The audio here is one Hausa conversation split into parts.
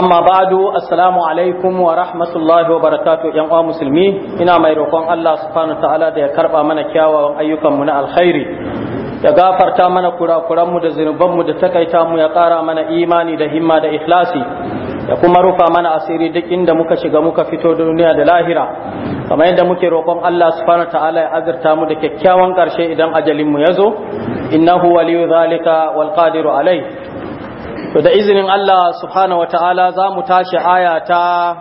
amma ba'du asalamu alaikum wa rahmatullahi wa barakatuh yan uwa musulmi ina mai roƙon Allah subhanahu ta'ala da ya karɓa mana kyawawan ayyukan mu na alkhairi ya gafarta mana kura mu da zunubanmu da takaita mu ya ƙara mana imani da himma da ikhlasi ya kuma rufa mana asiri duk inda muka shiga muka fito duniya da lahira kamar yadda muke roƙon Allah subhanahu ta'ala ya azurta mu da kyakkyawan ƙarshe idan ajalin mu ya zo innahu waliyu zalika wal qadiru alai to da izinin Allah subhanahu wata'ala za mu tashi aya ta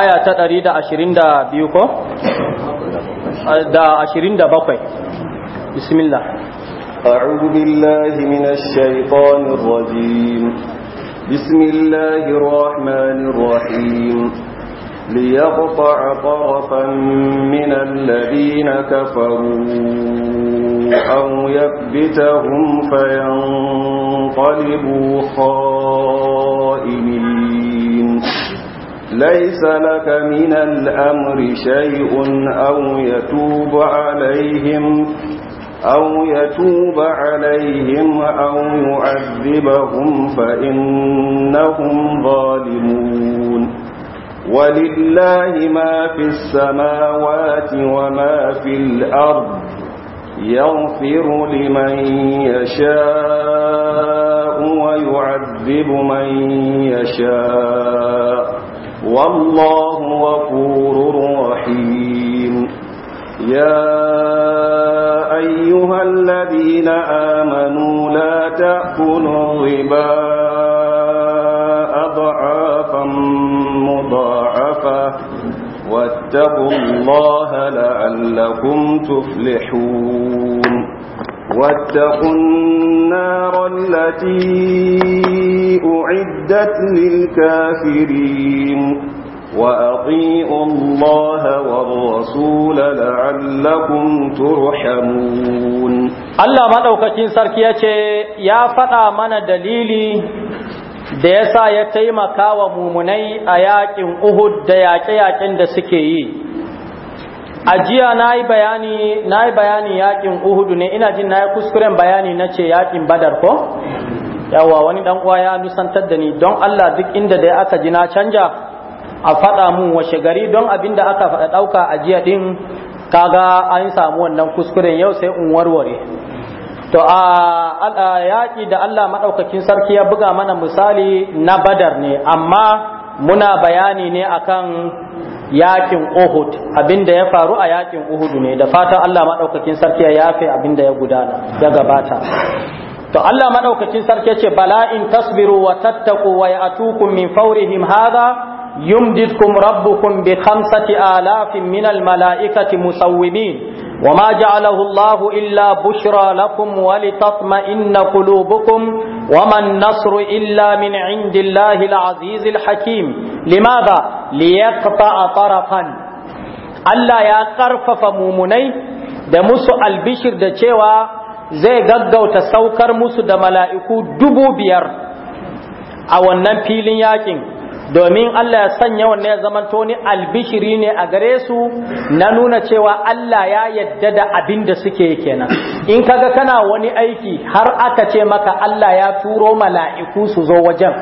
aya ta 122 ko da 27 bismillah أعوذ بالله من الشيطان الرجيم بسم الله الرحمن ليقطع طرفا من الذين كفروا أو يكبتهم فينقلبوا خائمين ليس لك من الأمر شيء أو يتوب عليهم أو يتوب عليهم أو يعذبهم فإنهم ظالمون ولله ما في السماوات وما في الأرض يغفر لمن يشاء ويعذب من يشاء والله غفور رحيم يا أيها الذين آمنوا لا تأكلوا الربا أضعافا مضاعفة واتقوا الله لعلكم تفلحون واتقوا النار التي أعدت للكافرين وأطيعوا الله والرسول لعلكم ترحمون الله ما دوكاكين سركيا يا فتا من دليلي da ya sa ya taimaka wa mumunai a yakin Uhud da yaƙe-yaƙen da suke yi a jiya na yi bayani na yi bayani yakin Uhud ne ina jin na yi kuskuren bayani na ce yaƙin Badar ko yawa wani dan uwa ya nusantar da ni don Allah duk inda da aka ji na canja a faɗa mun washe gari don abin da aka faɗa ɗauka a jiya din kaga an samu wannan kuskuren yau sai in warware to a yaƙi da Allah maɗaukakin sarki ya buga mana misali na badar ne amma muna bayani ne akan yaƙin uhud abinda ya faru a yaƙin uhud ne da fatan Allah maɗaukakin sarki ya yafe abinda ya gudana ya gabata to Allah maɗaukakin sarki ya ce bala in tasbiru wa tattaku wa ya'tukum min faurihim haza yumdidkum rabbukum bi khamsati alafin minal mala'ikati musawwimin وما جعله الله إلا بشرى لكم ولتطمئن قلوبكم وما النصر إلا من عند الله العزيز الحكيم لماذا ليقطع طرفا Allah ya ƙarfafa mumunai da musu albishir da cewa zai gaggauta saukar musu da mala'iku dubu biyar a wannan filin yakin domin Allah ya sanya wannan ya zamanto ni albishiri ne a gare su na nuna cewa Allah ya yadda da abin da suke kenan in kaga kana wani aiki har aka ce maka Allah ya turo mala'iku su zo wajen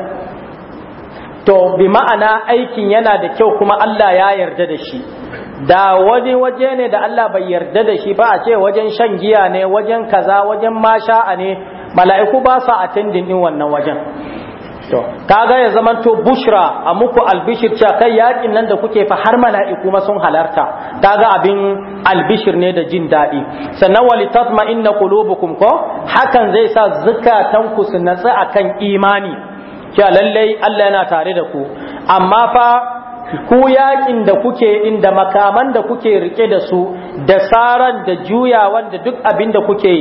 to bi ma'ana aikin yana da kyau kuma Allah ya yarda da shi da wani waje ne da Allah bai yarda da shi ba a ce wajen shan giya ne wajen kaza wajen masha'a ne mala'iku ba su attending din wannan wajen to kaga ya zaman to bushra a muku albishir cewa kai yakin nan da kuke fa har mala'iku ma sun halarta kaga abin albishir ne da jin daɗi sannan walitatma inna qulubukum ko hakan zai sa zukatan ku su natsu akan imani cewa lalle Allah yana tare da ku amma fa ku yakin da kuke inda makaman da kuke rike da su da saran da juyawan da duk abin da kuke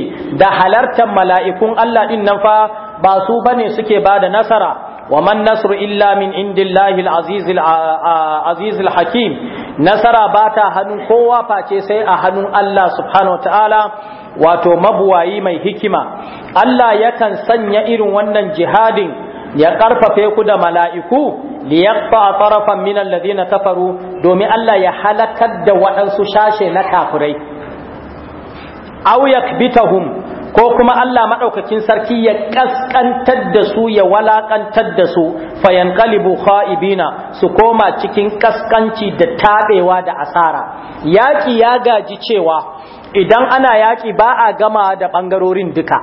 da halartar mala'ikun Allah din nan fa ba su bane suke bada nasara wa man nasru illa min indillahi al hakim nasara bata hannun kowa face sai a hannun Allah subhanahu wataala wato mabuwayi mai hikima Allah yakan sanya irin wannan jihadin ya karfafe ku da mala'iku liyaqta tarafan min alladhina kafaru domin Allah ya halakar da waɗansu shashe na kafirai aw yakbitahum ko kuma Allah maɗaukakin sarki ya ƙasƙantar da su ya walaƙantar da su fayan ƙalibu kha'ibina su koma cikin ƙasƙanci da taɓewa da asara yaƙi ya gaji cewa idan ana yaƙi ba a gama da ɓangarorin duka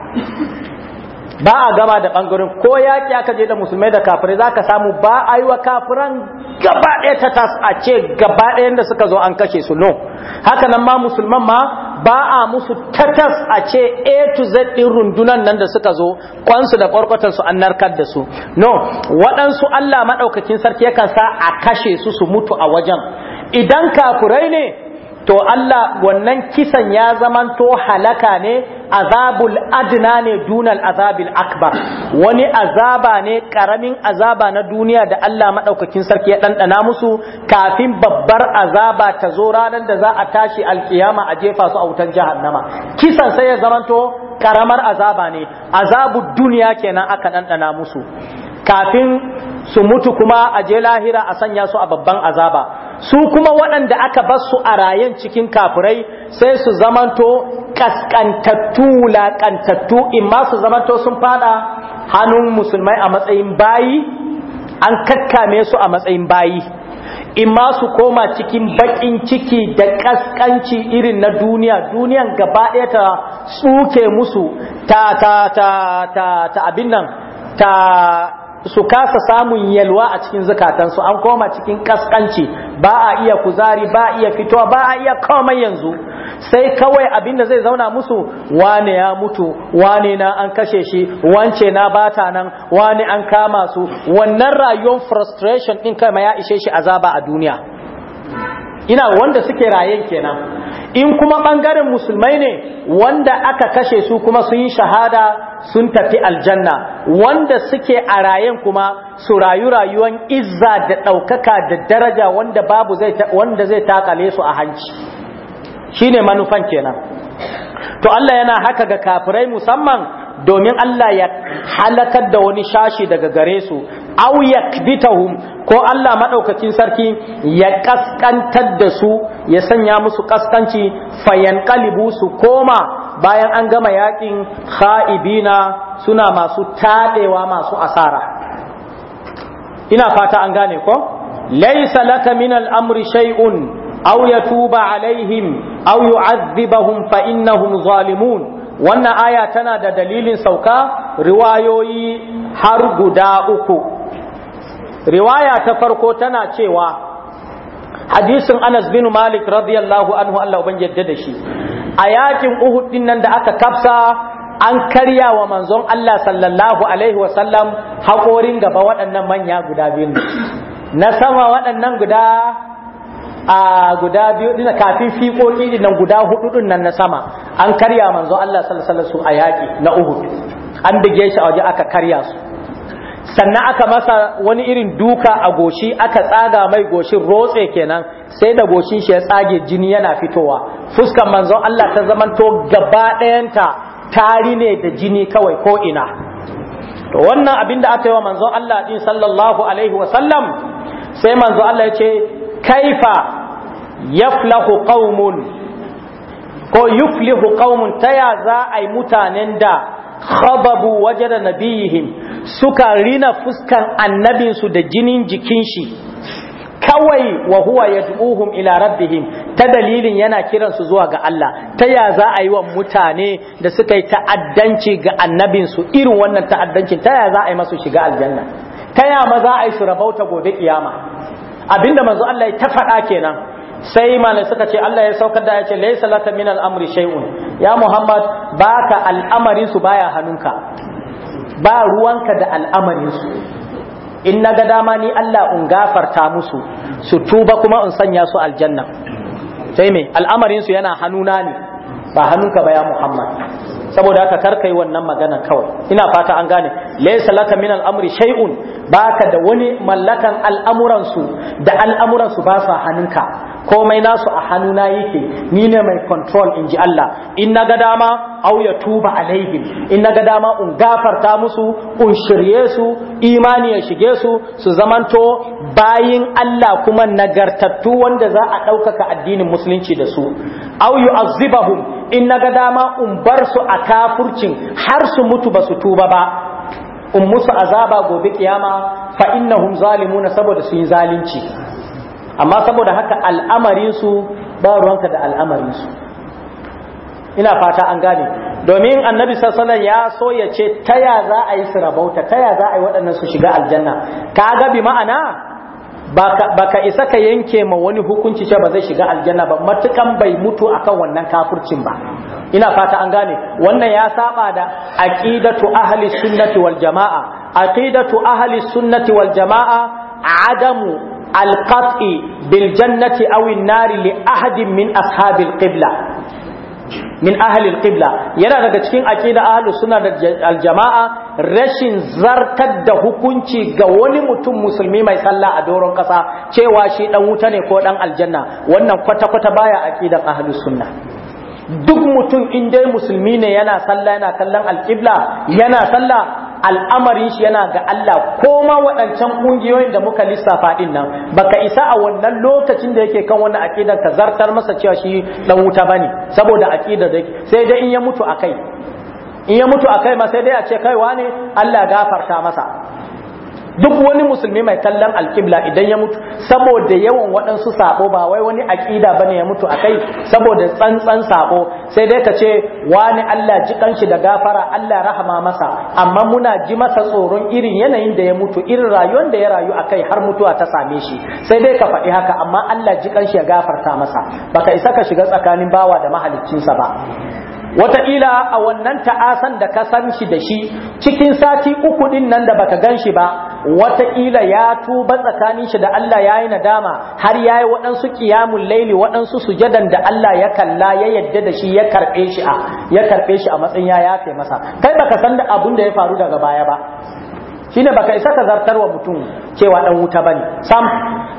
ba a gama da ɓangarorin ko yaƙi aka je da musulmai da kafirai za ka samu ba a yi wa kafiran gaba ɗaya ta tas a ce gaba ɗayan da suka zo an kashe su no haka nan ma musulman ma ba a musu tatas a ce A to Z din rundunan nan da suka zo kwansu da su an narkar da su no waɗansu Allah maɗaukakin sarki yakan sa a kashe su su mutu a wajen idan kakurai ne to Allah wannan kisan ya zamanto halaka ne azabul adna ne dunal azabil akbar wani azaba ne karamin azaba na duniya da Allah madaukakin sarki ya dandana musu kafin babbar azaba ta zo ranar da za a tashi alkiyama a jefa su a wutan jahannama kisan sai ya zamanto karamar azaba ne Azabu duniya kenan aka dandana musu kafin su mutu kuma a je lahira a sanya su a babban azaba su kuma waɗanda aka bar su a rayan cikin kafurai sai su zamanto kaskantattu wulaƙantattu ma su zamanto sun fada hannun musulmai a matsayin bayi an kakkame su a matsayin bayi in ma su koma cikin baƙin ciki da kaskanci irin na duniya duniyan gaba ɗaya ta tsuke musu ta ta ta ta, ta abin nan ta su kasa samun yalwa a cikin zukatansu an koma cikin kaskanci ba a iya kuzari ba a iya fitowa ba a iya komai yanzu sai kawai abin da zai zauna musu wane ya mutu wane na an kashe shi wance na bata nan wane an kama su wannan rayuwar frustration din kai ma ya ishe shi azaba a duniya ina wanda suke rayen kenan in kuma ɓangaren musulmai ne wanda aka kashe su kuma sun yi shahada sun tafi aljanna wanda suke a rayen kuma su rayu rayuwan izza da ɗaukaka da daraja wanda babu zai wanda zai takale su a hanci shine manufan kenan to Allah yana haka ga kafirai musamman domin Allah ya halakar da wani shashi daga gare su aw yakbitahum ko Allah madaukakin sarki ya kaskantar da su ya sanya musu kaskanci fayanqalibu su koma bayan an gama yakin kha'ibina suna masu tadewa masu asara ina fata an gane ko laysa laka min al-amri shay'un aw yatuba alaihim aw yu'adhibahum fa innahum zalimun wannan aya tana da dalilin sauka riwayoyi har guda uku riwaya ta farko tana cewa hadisin Anas bin Malik radiyallahu anhu Allah ban yadda da shi a yakin Uhud din nan da aka kafsa an karya wa manzon Allah sallallahu alaihi wasallam haƙorin gaba waɗannan manya guda biyu na sama waɗannan guda a guda biyu din kafin fiƙoƙi din nan guda hudu din nan na sama an karya manzon Allah sallallahu alaihi wasallam a yaki na Uhud an bige shi a waje aka karya su sannan aka masa wani irin duka a goshi aka tsaga mai goshin rotse kenan sai da goshin shi ya tsage jini yana fitowa fuskan manzon Allah ta zamanto gaba ɗayanta tari ne da jini kawai ko ina to wannan abin da aka yi wa manzon Allah din sallallahu alaihi wa sallam sai manzon Allah ya ce kaifa yaflahu qaumun ko yuflihu qaumun taya za ai mutanen da khababu wajada nabiyihim suka rina fuskan annabinsu da jinin jikin shi kawai wa huwa yad'uhum ila rabbihim ta dalilin yana kiransu zuwa ga Allah ta ya za a yi wa mutane da suka yi ta'addanci ga annabinsu irin wannan ta'addancin ta ya za a yi masu shiga aljanna ta ya ma za a yi su rabauta gobe kiyama abinda manzo Allah ya ta faɗa kenan sai malai suka ce Allah ya saukar da ya ce laysa lata min al-amri shay'un ya Muhammad baka al'amarin su baya hannunka ba ruwanka da al'amarinsu in na ga dama ni Allah in gafarta musu su tuba kuma in sanya su aljanna sai me al'amarinsu yana hannuna ne ba hannunka ba ya Muhammad saboda haka kar wannan magana kawai ina fata an gane laysa laka min al-amri shay'un baka da wani mallakan al'amuran su da al'amuran su ba su hannunka komai nasu a hannuna yake ni ne mai control inji Allah in naga dama aw ya tuba alaihim in naga dama un gafarta musu un shirye su imani ya shige su su zamanto bayin Allah kuma nagartattu wanda za a ɗaukaka addinin musulunci da su aw yu'azzibahum in naga dama un bar su a a kafurcin har su mutu ba su tuba ba in musu azaba gobe kiyama fa innahum zalimuna saboda su yi zalunci amma saboda haka al'amarin su ba ruwanka da al'amarin su ina fata an gane domin annabi sallallahu ya so ya ce ta ya za a yi su rabauta ta ya za a yi waɗannan su shiga aljanna kaga bi ma'ana baka isa ka yanke ma wani hukunci ce ba zai shiga aljanna ba matukan bai mutu akan wannan kafurcin ba ina fata an gane wannan ya saba da aqidatu ahli sunnati wal jamaa aqidatu ahli sunnati wal jamaa adamu alqat'i bil jannati aw an-nar li ahadin min ashabil qibla min ahli al-qibla yana daga cikin aqida ahli sunna da al-jamaa rashin zartar da hukunci ga wani mutum musulmi mai sallah a doron kasa cewa shi dan wuta ne ko dan aljanna wannan kwata kwata baya aqidan ahli sunna duk mutum in dai musulmi ne yana sallah yana kallon alƙibla yana sallah al'amarin shi yana ga Allah ko ma waɗancan ƙungiyoyin da muka lissafa ɗin nan baka isa a wannan lokacin da yake kan wani aƙidar ka zartar masa cewa shi ɗan wuta bane saboda aƙidar da sai dai in ya mutu a kai, in ya mutu a kai ma sai dai a ce kaiwa ne Allah gafarta masa duk wani musulmi mai kallon alkibla idan ya mutu saboda yawan waɗansu sabo ba wai wani aƙida bane ya mutu akai saboda tsantsan sabo sai dai ka ce wani Allah ji kanshi da gafara Allah rahama masa amma muna ji masa tsoron irin yanayin da ya mutu irin rayuwar da ya rayu a kai har mutuwa ta same shi sai dai ka faɗi haka amma Allah ji kanshi ya gafarta masa baka isa ka shiga tsakanin bawa da mahaliccinsa ba wataƙila a wannan ta'asan da ka san shi da shi cikin sati uku din nan da baka gan shi ba wataƙila ya tuba tsakanin shi da Allah ya yi nadama har ya yi waɗansu ƙiyamun laili waɗansu sujadan da Allah ya kalla ya yadda da shi ya karɓe shi a matsayin ya yafe masa kai baka san da abun da ya faru daga baya ba shine baka isa ka zartarwa mutum cewa dan wuta bane sam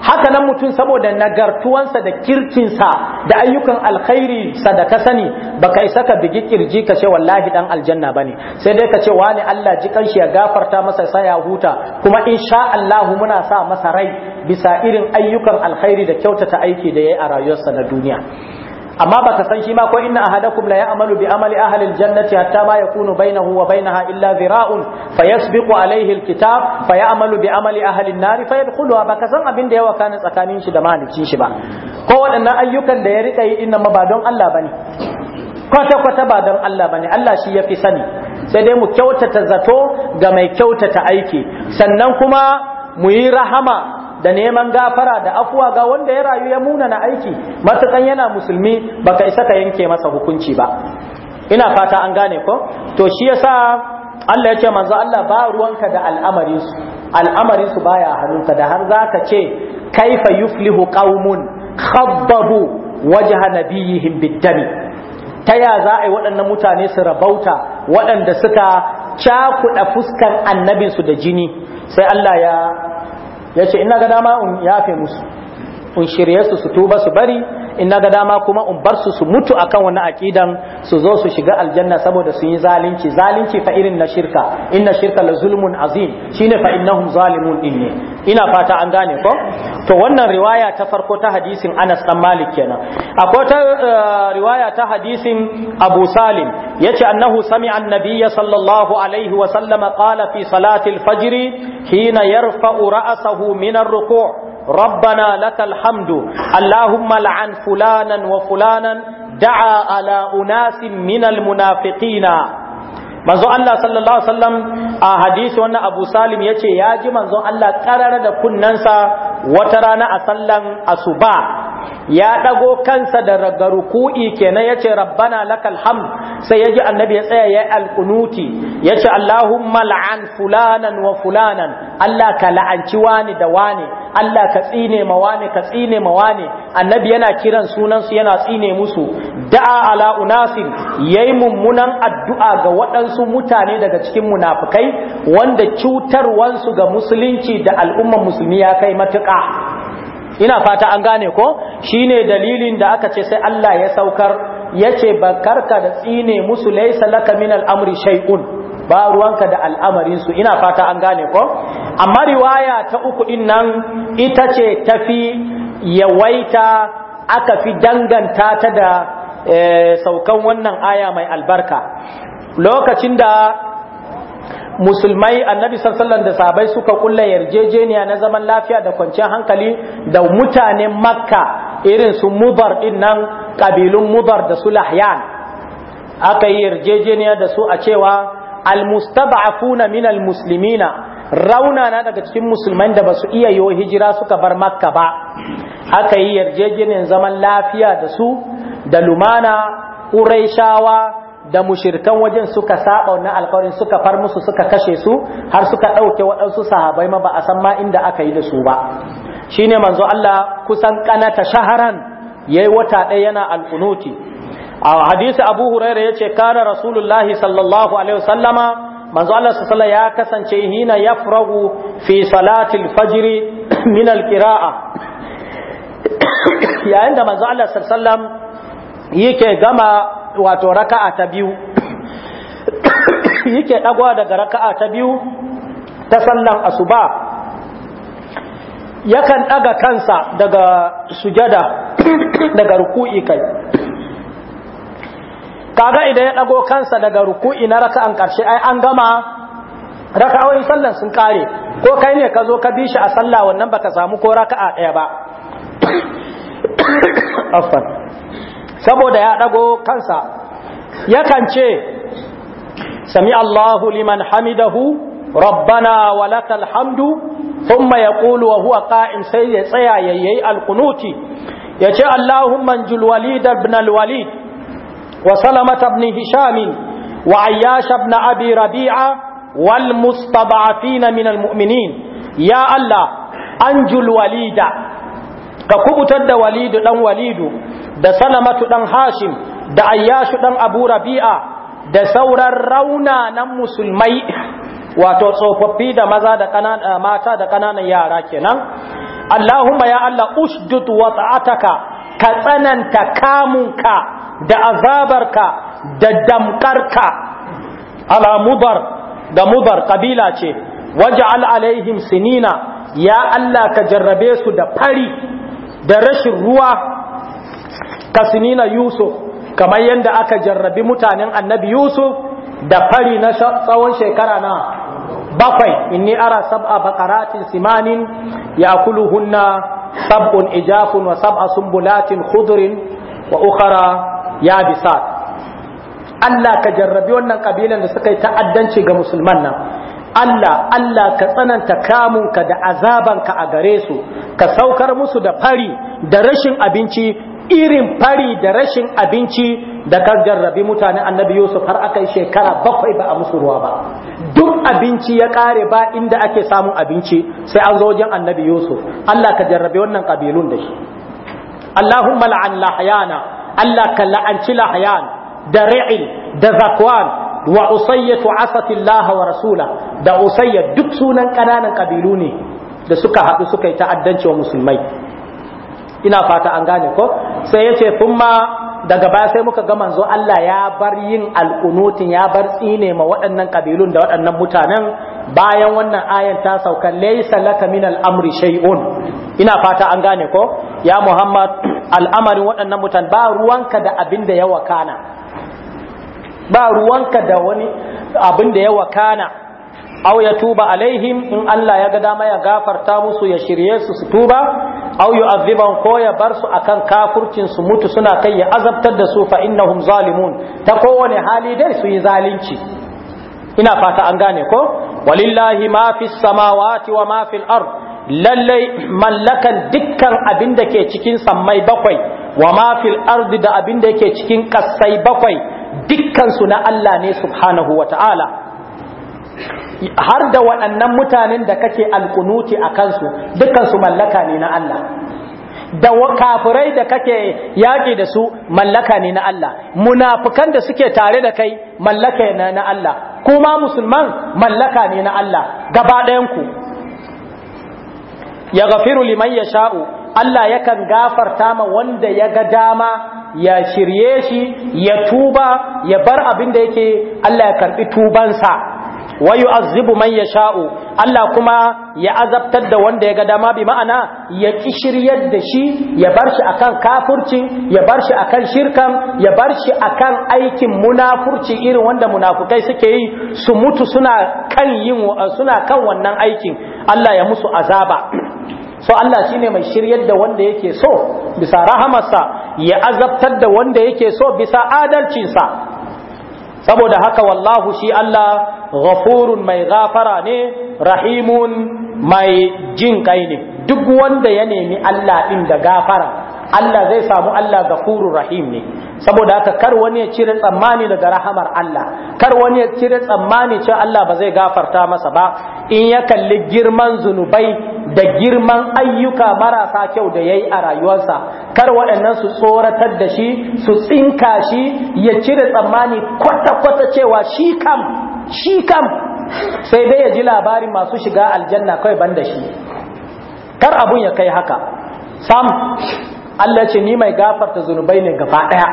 haka nan mutum saboda nagartuwansa da kirkinsa da ayyukan alkhairi ka sani baka isa ka bigi kirji ka ce wallahi dan aljanna bane sai dai ka ce wani Allah ji kanshi ya gafarta masa sai ya huta kuma insha Allah muna sa masa rai bisa irin ayyukan alkhairi da kyautata aiki da yayi a rayuwarsa na duniya amma baka san shi ma ko inna ahadakum la ya'malu bi amali ahli aljannati hatta ma yakunu bainahu wa bainaha illa zira'un fayasbiqu alayhi alkitab fayamalu bi amali ahli an-nar fayadkhuluha ka san abin da yawa kana tsakanin shi da malikin shi ba ko waɗannan ayyukan da ya rika yi inna ma ba don Allah bane kwata kwata ba don Allah bane Allah shi yafi sani sai dai mu kyautata zato ga mai kyautata aiki sannan kuma mu yi rahama da neman gafara da afuwa ga wanda ya rayu ya muna na aiki matukan yana musulmi baka isa ka yanke masa hukunci ba ina fata an gane ko to shi yasa Allah ya ce manzo Allah ba ruwanka da al'amarin su al'amarin su baya hannunka da har zaka ce kaifa yuflihu qaumun khaddabu wajha nabiyihim biddami ta ya za a yi waɗannan mutane su rabauta waɗanda suka cakuɗa fuskan annabinsu da jini sai Allah ya ya ce ina ga dama in yafe musu in shirye su su tuba su bari in ga dama kuma in bar su su mutu akan wannan aqidan su zo su shiga aljanna saboda sun yi zalunci zalunci fa irin na shirka inna shirka la zulmun azim shine fa innahum zalimun inni ina fata an gane ko to wannan riwaya ta farko ta hadisin Anas dan Malik kenan akwai ta eh, riwaya ta hadisin Abu Salim yace annahu sami'a annabiyya sallallahu alaihi wa sallama qala fi salati al-fajr hina yarfa'u ra'sahu min ar-ruku' ربنا لك الحمد اللهم لعن فلانا وفلانا دعا على أناس من المنافقين manzo Allah sallallahu alaihi wasallam a hadisi wannan Abu Salim yace ya ji manzo Allah karar da kunnansa wata rana a sallan asuba ya ɗago kansa da daga ruku'i kenan yace rabbana lakal hamd sai yaji annabi ya tsaya ya alqunuti yace allahumma la'an fulanan wa fulanan allah ka la'anci wani da wani allah ka tsine ma wani ka tsine ma wani annabi yana kiran sunansu yana tsine musu da'a ala unasin yayi mummunan addu'a ga waɗansu mutane daga cikin munafukai wanda cutarwansu ga musulunci da al'umma musulmi ya kai matuƙa ina fata an gane ko shine dalilin da aka ce sai Allah ya saukar yace bakarka da tsine musu laysa laka min al-amri shay'un ba ruwanka da al'amarin su ina fata an gane ko amma riwaya ta uku din nan ita ce tafi yawaita aka fi danganta ta da eh, saukan wannan aya mai albarka lokacin da musulmai annabi sallallahu da sahabbai suka kulla yarjejeniya na zaman lafiya da kwanciyar hankali da mutanen makka irin su mubar din nan kabilun mubar da su lahyan aka yi yarjejeniya da su a cewa almustaba'afuna min almuslimina rauna na daga cikin musulmai da basu iya yo hijira suka bar makka ba aka yi yarjejeniyar zaman lafiya da su da lumana quraishawa da mushirkan wajen suka saba wannan alƙawarin suka far musu suka kashe su har suka ɗauke waɗansu sahabai ma ba a san ma inda aka yi da su ba shine manzo Allah kusan kanata shaharan yayi wata ɗaya yana alkunuti a hadisi Abu Hurairah yace kana Rasulullahi sallallahu alaihi wasallama manzo Allah sallallahu ya kasance hina yafragu fi salatil fajr min alqira'a yayin da manzo Allah sallallahu yake gama wato raka'a ta biyu yake dagwa daga raka'a ta biyu ta sallan asuba yakan daga kansa daga sujada daga ruku'i kai kaga idan ya dago kansa daga ruku'i na raka'an karshe ai an gama raka'o'in sallan sun kare ko kai ne ka zo ka bi shi a sallah wannan baka samu ko raka'a daya ba afwan saboda ya ɗago kansa yakan ce sami Allahu liman hamidahu rabbana walakal hamdu ya ƙulu wa huwa qa'im sai ya tsaya yi alkunuti. yace Allahumma anjul walid ibn alwalid wa salamat ibn Hishamin. wa ayyash bna abi rabi'a wal mustada'afin min almu'minin ya Allah anjul walida ka kubutar da walidu dan walidu da salamatu dan hashim da ayyashu dan abu rabi'a da sauran raunanan musulmai wato tsofaffi da maza da kanana eh, mata da kananan yara kenan Allahumma ya Allah usdud wa ta'ataka ka tsananta kamunka da azabarka da damkarka ala mudar da mudar kabila ce waj'al alaihim sinina ya Allah ka jarrabe su da fari da rashin ruwa kasinina yusuf kamar yadda aka jarrabi mutanen annabi yusuf da fari na tsawon shekara na bakwai inni ara sab'a baqaratin simanin yakuluhunna sab'un ijafun wa sab'a sumbulatin khudrin wa ukhra yabisat Allah ka jarrabi wannan kabilan da suka yi ta'addanci ga musulman nan Allah Allah ka tsananta kamunka da azabanka a gare su ka saukar musu da fari da rashin abinci irin fari da rashin abinci da ka jarrabi mutane annabi Yusuf har aka yi shekara bakwai ba a musu ruwa ba duk abinci ya kare ba inda ake samun abinci sai an zo wajen annabi Yusuf Allah ka jarrabe wannan kabilun da shi Allahumma la'an lahayana Allah ka la'anci lahayan da ri'il da zakwan wa usayyatu asatillaha wa rasula da usayya duk sunan kananan kabilu ne da suka haɗu suka yi ta'addanci wa musulmai ina fata an gane ko sai yace ce kuma daga baya sai muka ga manzo Allah ya bar yin al'unutin ya bar tsine ma waɗannan kabilun da waɗannan mutanen bayan wannan ayan ta sauka laysa laka min amri shay'un ina fata an gane ko ya Muhammad al'amarin waɗannan mutan ba ruwanka da abin da ya wakana ba ruwanka da wani abin da ya wakana aw ya tuba alaihim in Allah ya ga dama ya gafarta musu ya shirye su su tuba aw yu'adhiban ko ya bar su akan kafurcin su mutu suna kai ya azabtar da su fa innahum zalimun ta kowane hali dai su yi zalunci ina fata an gane ko walillahi ma fis samawati wa ma fil ard lallai mallakan dukkan abin da ke cikin sammai bakwai wa ma fil da abin da yake cikin kassai bakwai dukkansu na Allah ne subhanahu wa ta'ala har da waɗannan mutanen da kake alkunuti a kansu dukkansu mallaka ne na Allah da kafirai da kake yaƙi da su mallaka ne na Allah munafukan da suke tare da kai mallaka ne na Allah kuma musulman mallaka ne na Allah gaba ɗayanku ya gafiru liman ya sha'u Allah yakan gafarta ma wanda ya ga dama ya shirye shi ya tuba ya bar abin da yake Allah ya karbi tubansa wa yu'azzibu man yasha'u Allah kuma ya azabtar da wanda ya ga dama bi ma'ana ya ki shiryar da shi ya bar shi akan kafurci ya bar shi akan shirkan ya bar shi akan aikin munafurci irin wanda munafukai suke yi su mutu suna kan yin suna kan wannan aikin Allah ya musu azaba so Allah shine mai shiryar da wanda yake so bisa rahamarsa ya azabtar da wanda yake so bisa adalcinsa saboda haka wallahu shi Allah ghafurun mai gafara ne rahimun mai jin kai ne duk wanda ya nemi Allah din da gafara Allah zai samu Allah furu rahim ne saboda haka kar wani ya cire tsammani daga rahamar Allah kar wani ya cire tsammani cin Allah ba zai gafarta masa ba in ya kalli girman zunubai da girman ayyuka marasa kyau da ya yi a rayuwarsa kar waɗannan su tsoratar da shi su tsinka shi ya cire tsammani kwata kwata cewa shi kam shi kam sai dai ya ji labarin masu shiga aljanna kawai banda shi kar abun ya kai haka sam Allah ce ni mai gafarta zunubai ne gaba daya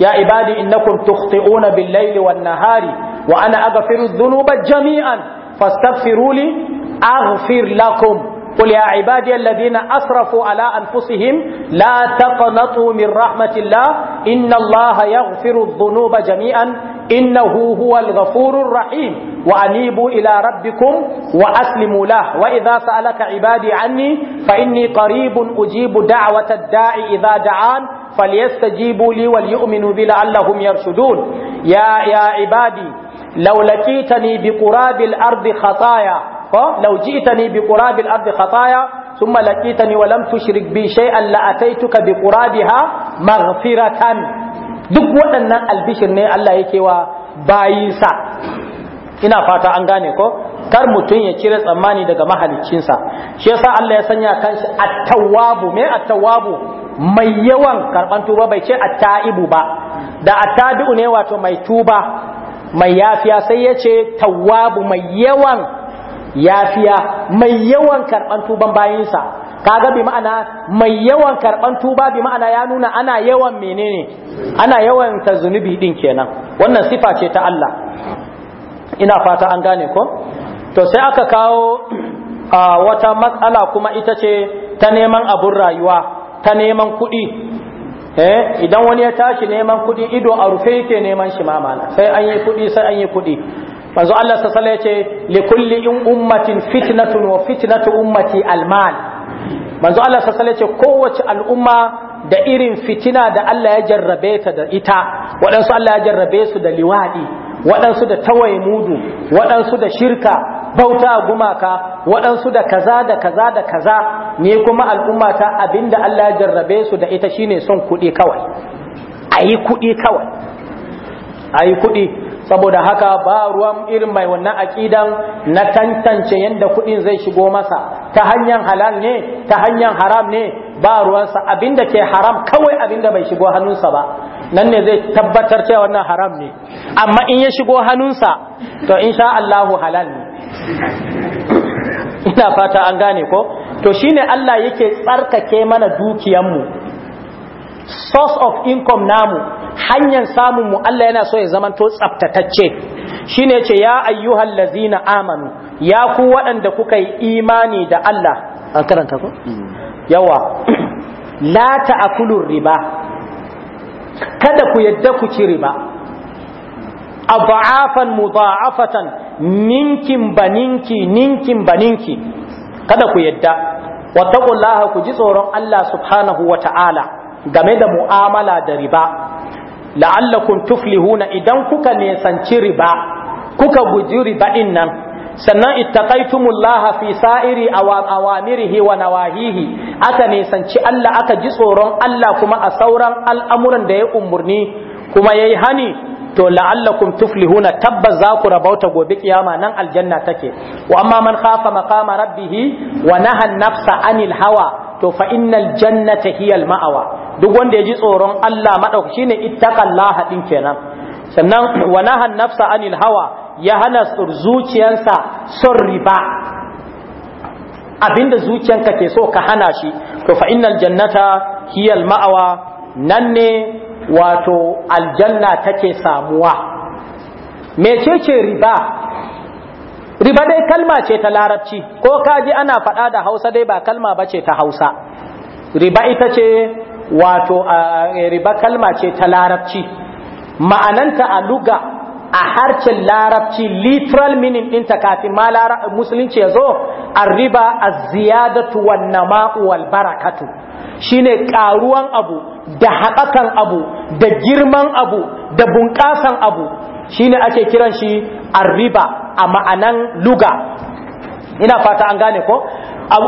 ya ibadi innakum tukhti'una bil layli wan-nahari wa ana aghfiru dhunuba jami'an fastaghfiru li aghfir lakum قل يا عبادي الذين أسرفوا على أنفسهم لا تقنطوا من رحمة الله إن الله يغفر الذنوب جميعا إنه هو الغفور الرحيم وأنيبوا إلى ربكم وأسلموا له وإذا سألك عبادي عني فإني قريب أجيب دعوة الداع إذا دعان فليستجيبوا لي وليؤمنوا بي لعلهم يرشدون يا يا عبادي لو لقيتني بقراب الأرض خطايا لو جئتني بقراب الأرض خطايا ثم لقيتني ولم تشرك بي شيئا لأتيتك بقرابها مغفرة duk waɗannan albishir ne Allah yake wa bayinsa ina fata an gane ko kar mutum ya cire tsammani daga mahaliccinsa shi yasa Allah ya sanya kanshi at-tawwabu me at-tawwabu mai yawan karban tuba bai ce at-ta'ibu ba da at-tabi'u ne wato mai tuba mai yafiya sai ya ce tawwabu mai yawan yafiya mai yawan karban tuban bayinsa kaga bi ma'ana mai yawan karban tuba bi ma'ana ya nuna ana yawan menene ana yawan ta zunubi din kenan wannan sifa ce ta Allah ina fata an gane ko to sai aka kawo wata matsala kuma ita ce ta neman abun rayuwa ta neman kuɗi eh idan wani ya tashi neman kuɗi ido a rufe yake neman shi mana sai an yi kuɗi sai an yi kuɗi manzo Allah sallallahu alaihi wasallam ya ce li kulli ummatin fitnatun wa fitnatu ummati almal manzo Allah sassale ce kowace al'umma da irin fitina da Allah ya jarrabe ta da ita waɗansu Allah ya jarrabe su da liwaɗi waɗansu da tawaye mudu waɗansu da shirka bauta gumaka waɗansu da kaza da kaza da kaza ne kuma al'umma ta abinda Allah ya jarrabe su da ita shine son kuɗi kawai a yi kuɗi kawai a yi kuɗi saboda haka ba ruwan irin mai wannan aƙidan na tantance yadda kuɗin zai shigo masa ta hanyar halal ne ta hanyar haram ne ba ruwansa abinda ke haram kawai abinda bai shigo hannunsa ba nan ne zai tabbatar cewa wannan haram ne amma in ya shigo hannunsa to insha Allahu halal ne ina fata an gane ko to shine Allah yake tsarkake mana mu. source of income namu hanyar samun mu Allah yana so ya zamanto tsaftatacce shine yace ya ayyuhal lazina amanu ya ku waɗanda kuka yi imani da Allah an karanta ko mm. yawa la ta'kulu riba kada ku yadda ku ci riba adha'afan mudha'afatan ninkin baninki ninkin baninki kada ku yadda taqullaha ku ji tsoron Allah subhanahu wa ta'ala. game da mu'amala da riba la'allakum tuflihuna idan kuka nisanci riba kuka guji riba din nan sannan ittaqaytumullaha fi sa'iri awamirihi wa nawahihi aka nisanci Allah aka ji tsoron Allah kuma a sauran al'amuran da ya umurni kuma yayi hani to la'allakum tuflihuna tabbas za ku rabauta gobe kiyama nan aljanna take wa amma man khafa maqama rabbih wa nahan nafsa anil hawa to fa innal jannata hiyal ma'awa duk wanda ya ji tsoron Allah madauki shine ittaqallaha din kenan sannan wa nahan nafsa anil hawa ya hana zuciyansa son riba abinda zuciyanka ke so ka hana shi to fa innal jannata hiyal ma'awa nan ne wato aljanna take samuwa mecece riba riba dai kalma ce ta larabci ko kaji ana faɗa da hausa dai ba kalma ba ce ta hausa riba ita ce wato riba kalma ce ta larabci ma'ananta a luga a harcin larabci literal meaning ɗinta kafin ma musulunci ya zo arriba az-ziyadatu wan nama'u wal barakatu shine karuwan abu da haɓakan abu da girman abu da bunƙasan abu shine ake kiran shi arriba a ma'anan luga ina fata an gane ko a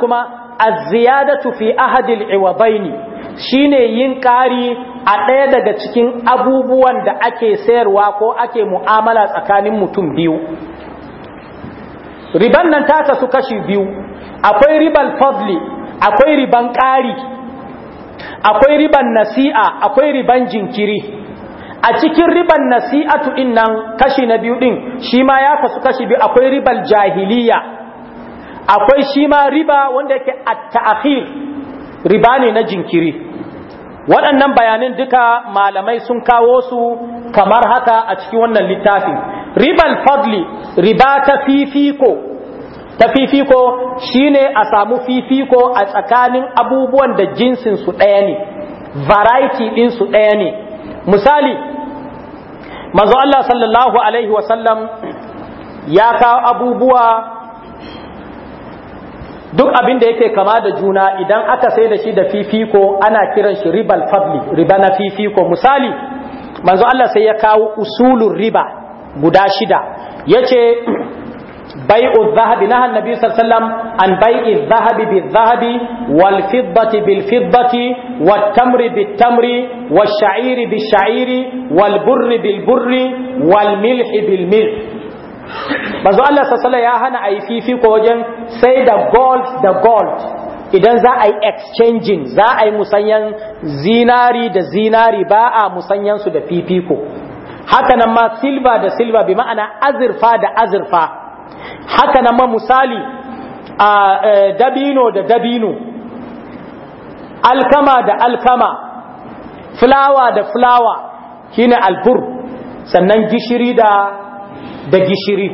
kuma az-ziyadatu fi ahadil iwabaini shine yin ƙari a ɗaya daga cikin abubuwan da ake sayarwa ko ake mu'amala tsakanin mutum biyu riban nan ta kasu kashi biyu akwai ribar fadli akwai riban ƙari akwai riban nasi'a akwai riban jinkiri a cikin riban nasi'atu in nan kashi na biyu ɗin shi ma ya kasu kashi biyu akwai ribar jahiliya akwai shi ma riba wanda yake at-ta'khir riba ne na jinkiri waɗannan bayanin duka malamai sun kawo su kamar haka a cikin wannan littafin. ribal fadli riba ta fifiko ta fifiko shine a samu fifiko a tsakanin abubuwan da jinsin su ɗaya ne variety ɗin su ɗaya ne misali manzo Allah sallallahu alaihi wasallam ya kawo abubuwa duk abin da yake kama da juna idan aka sai da shi da fifiko ana kiran shi ribal fadli riba na fifiko misali manzo Allah sai ya kawo usulun riba guda shida yace bai'u dhahabi nahan nabi sallallahu alaihi wasallam an bai'i dhahabi bi dhahabi wal fiddati bil fiddati wat tamri bit tamri wash sha'iri bil sha'iri wal burri bil burri wal milhi bil milh manzo Allah sallallahu ya hana a yi fifiko wajen sai da gold da gold idan za a yi exchanging za a yi musanyan zinari da zinari ba a musanyan su da fifiko haka nan ma silver da silver bi ma'ana azurfa da azurfa haka nan ma misali a e, dabino da dabino alkama da alkama fulawa da fulawa shine albur sannan gishiri da da gishiri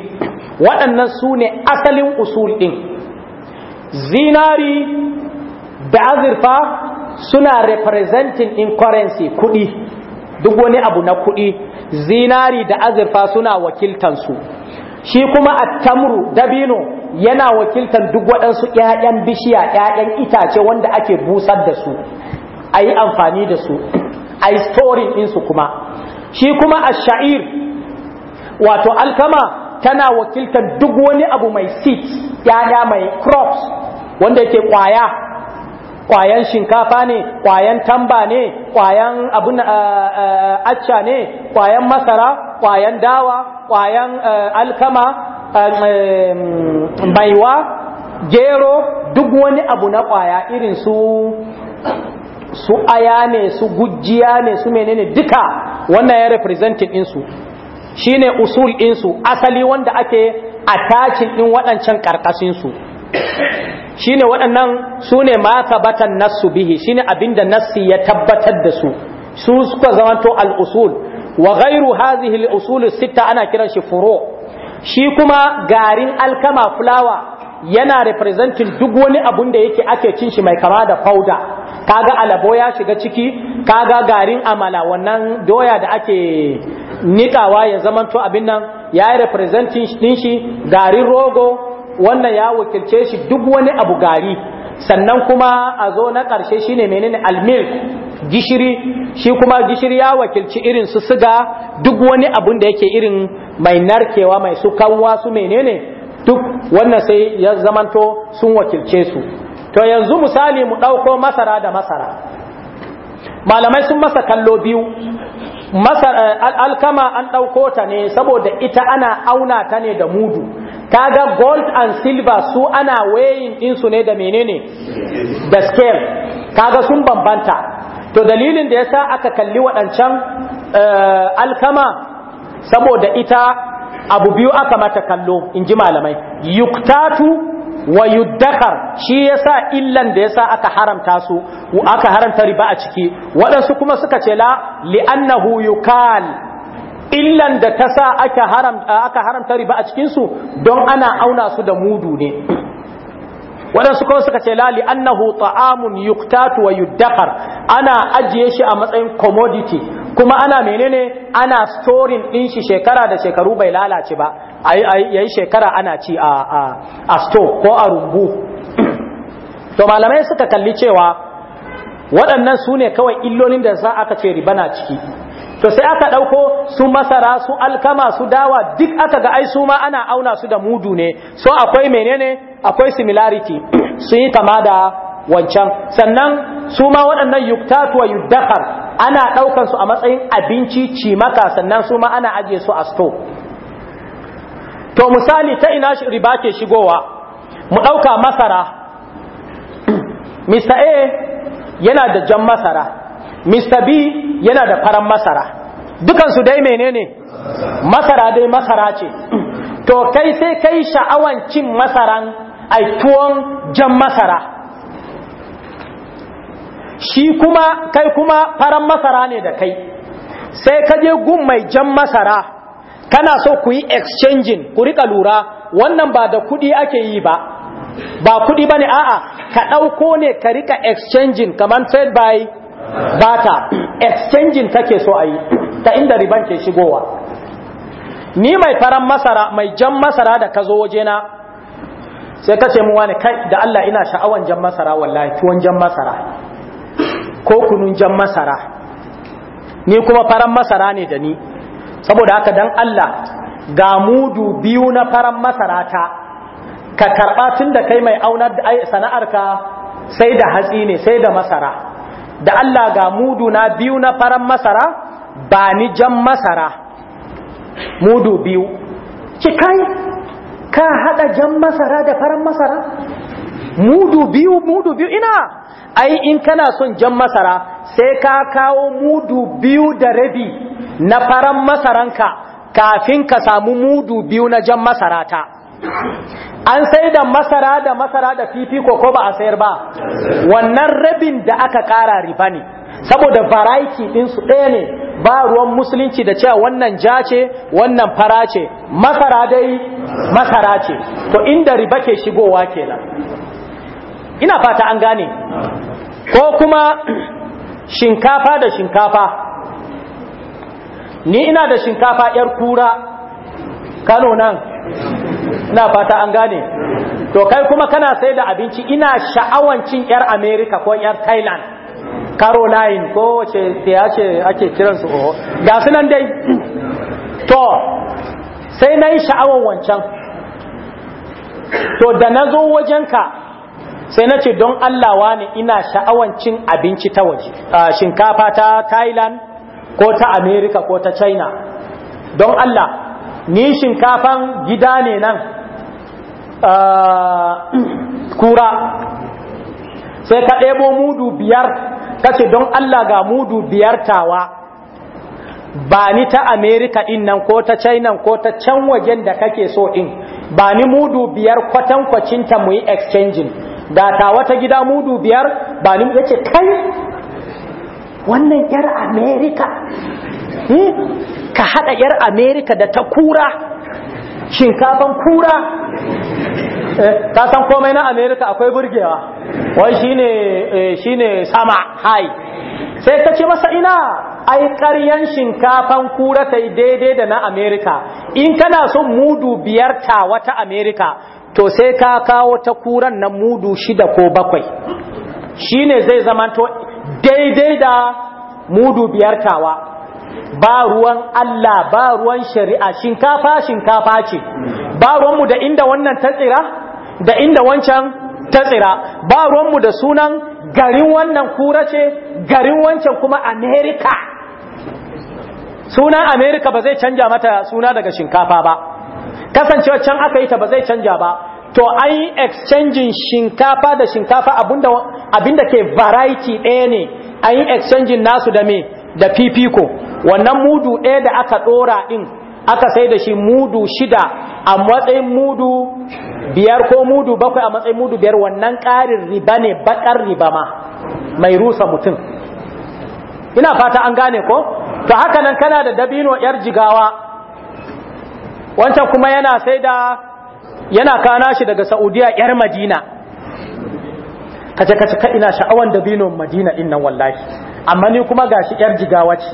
waɗannan su ne asalin usul ɗin zinari da azurfa suna representing in currency kuɗi duk wani abu na kuɗi zinari da azurfa suna wakiltansu shi kuma a attamru dabino yana wakiltan duk waɗansu ‘ya'yan bishiya ‘ya'yan itace wanda ake busar da su a yi amfani da su a yi storin ɗinsu kuma shi kuma a sha'ir wato alkama tana wakiltar duk wani abu mai seed yaya mai crops wanda yake kwaya kwayan shinkafa ne kwayan tamba ne kwayan abun eh, eh, acca ne kwayan masara kwayan dawa kwayan eh, alkama baiwa gero duk wani abu na kwaya irin su su aya ne su gujiya ne su menene duka wannan ya representin insu shine usul ɗinsu asali wanda ake a attachin ɗin waɗancan Shi shine waɗannan su ne ma nassu bihi shine da nassi ya tabbatar da su su suka zamanto al-usul wa ghairu hadhihi al-usul sita ana kiran shi furo. shi kuma garin alkama fulawa yana representing duk wani abun da yake ake cin shi mai kama da fauda kaga alabo ya shiga ciki kaga garin amala wannan doya da ake nikawa ya zamanto abin nan ya yi representing din shi garin rogo wannan ya wakilce shi duk wani abu gari sannan kuma a zo na ƙarshe ne menene almil gishiri shi kuma gishiri ya wakilci irin su siga duk wani abun da yake irin mai narkewa mai su kanwa su menene duk wannan sai ya zamanto sun wakilce su to yanzu misali mu ɗauko masara da masara malamai sun masa kallo biyu Eh, alkama an ɗauko ta ne saboda ita ana auna ta ne da mudu kaga gold and silver su ana weighing ɗinsu ne da menene da scale kaga sun bambanta to dalilin da yasa aka kalli waɗancan eh, alkama saboda ita abu biyu aka mata kallo in ji malamai yuktatu wa yuddakhar shi yasa illan da yasa aka haramta su aka haramta riba a ciki waɗansu kuma suka ce la li'annahu yukal illan da ta sa aka haramta aka haramta riba a cikin su don ana auna su da mudu ne waɗansu kawai suka ce lali annahu ta'amun yuktatu wa yuddakar ana ajiye shi a matsayin commodity kuma ana menene ana storing ɗin shi shekara da shekaru bai lalace ba yayi shekara ana ci a a store ko a rumbu to malamai suka kalli cewa waɗannan su ne kawai illolin da za aka ce riba na ciki to sai aka ɗauko su masara su alkama su dawa duk aka ga ai su ma ana auna su da mudu ne so akwai menene akwai similarity sun yi kama da wancan sannan su ma waɗannan yuktatu wa yuddakar ana ɗaukansu a matsayin abinci cimaka sannan su ma ana ajiye su a sto to misali ta ina riba ke shigowa mu ɗauka masara Mr. A yana da jan masara Mr. B yana da faran masara dukansu dai menene masara dai masara ce to kai sai kai sha'awan cin masaran ai tuwon jan masara shi kuma kai kuma faran masara ne da kai sai ka je gun mai jan masara kana so ku yi exchanging ku riƙa lura wannan ba da kuɗi ake yi ba ba kudi bane a'a ka ɗauko ne ka rika exchanging kaman trade by bata exchanging take so ayi ta inda riban ke shigowa ni mai faran masara mai jan masara da ka zo wajena. sai ka ce mu wani kai da Allah ina sha'awan jan masara wallahi tuwon jan masara ko kunun jan masara ni kuma faran masara ne da ni saboda haka dan Allah ga mudu biyu na faran masara ta ka karba tun da kai mai aunar da ka sai da hatsi ne sai da masara da Allah ga mudu na biyu na faran masara ba ni jan masara mudu biyu ki kai. ka haɗa jan masara da faran masara mudu biyu mudu biyu ina ai in kana son jan masara sai ka kawo mudu biyu da rabi na masaran masaranka kafin ka samu mudu biyu na jan masara ta an sai da masara da masara da fifiko ko ba a sayar ba wannan rabin da aka ƙara riba ne saboda variety ɗinsu ɗaya ne ba ruwan musulunci da cewa wannan ja ce wannan fara ce masara dai masara ce to inda riba ke shigowa kenan ina fata an gane ko kuma shinkafa da shinkafa ni ina da shinkafa yar kura kano nan ina fata an gane to kai kuma kana sai da abinci ina sha'awancin yar america ko yar thailand caroline ko wace ya ce ake kiransu oho ga nan dai to sai na yi sha'awar wancan to da na zo wajenka sai na ce don Allah ne ina sha'awar cin abinci ta waje shinkafa ta thailand ko ta america ko ta china don allah ni shinkafan gida ne nan kura sai ka ɗebo mudu biyar kace don Allah ga mudu biyartawa ba ni ta Amerika din nan ko ta China ko ta can wajen da kake so din ba ni mudu biyar kwatankwacin ta muyi exchanging ga ta gida mudu biyar ba ni yace kai wannan yar America eh, ka hada yar America da ta kura shinkafan kura Ta eh, san komai na Amerika akwai burgewa wai shine eh, shine sama hai sai ka ce masa ina ai ƙaryan shinkafan kura ta daidai da na Amerika in kana son mudu biyar ta wata Amerika to sai ka kawo ta kuran na mudu shida ko bakwai shine zai zama to daidai da mudu biyar tawa ba ruwan Allah ba ruwan shari'a shinkafa shinkafa ce ba ruwanmu da inda wannan ta tsira da inda wancan ta tsira ba ruwanmu da sunan garin wannan kura ce garin wancan kuma amerika sunan amerika ba zai canja mata suna daga shinkafa ba kasancewa can aka yi ta ba zai canja ba to an yi exchanging shinkafa da shinkafa abinda, abinda ke variety ɗaya ne an yi exchanging nasu da me da fifiko wannan mudu ɗaya da aka ɗora ɗin aka sai da shi mudu shida a matsayin mudu biyar ko mudu bakwai a matsayin mudu biyar wannan ƙarin riba ne bakar riba ma mai rusa mutum ina fata an gane ko to haka nan kana da dabino yar jigawa wancan kuma yana sai da yana kana shi daga saudiya yar madina kace kace ka ina sha'awan dabinon madina din nan wallahi amma ni kuma gashi yar jigawa ce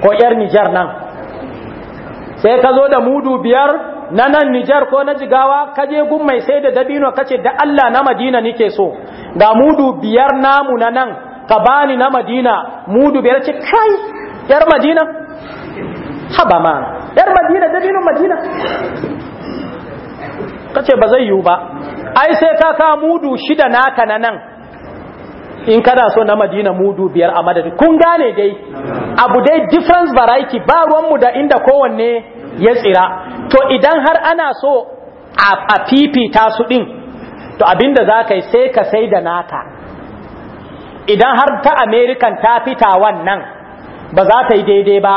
ko yar nijar nan sai ka zo da mudu biyar na nan Nijar ko na Jigawa ka je gun mai sai da dabino ce da Allah na Madina nike so ga mudu biyar namu na nan ka bani na Madina mudu biyar ce kai yar Madina haba ma yar Madina dabino Madina ce ba zai yiwu ba ai sai ka ka mudu shida naka na nan in kada so na madina mudu biyar a madadi kun gane dai abu dai difference variety ba ruwanmu da inda kowanne ya tsira to idan har ana so a fifita su din to abinda za ka yi sai ka sai da naka idan har ta amerikan ta fita wannan ba za ta yi daidai ba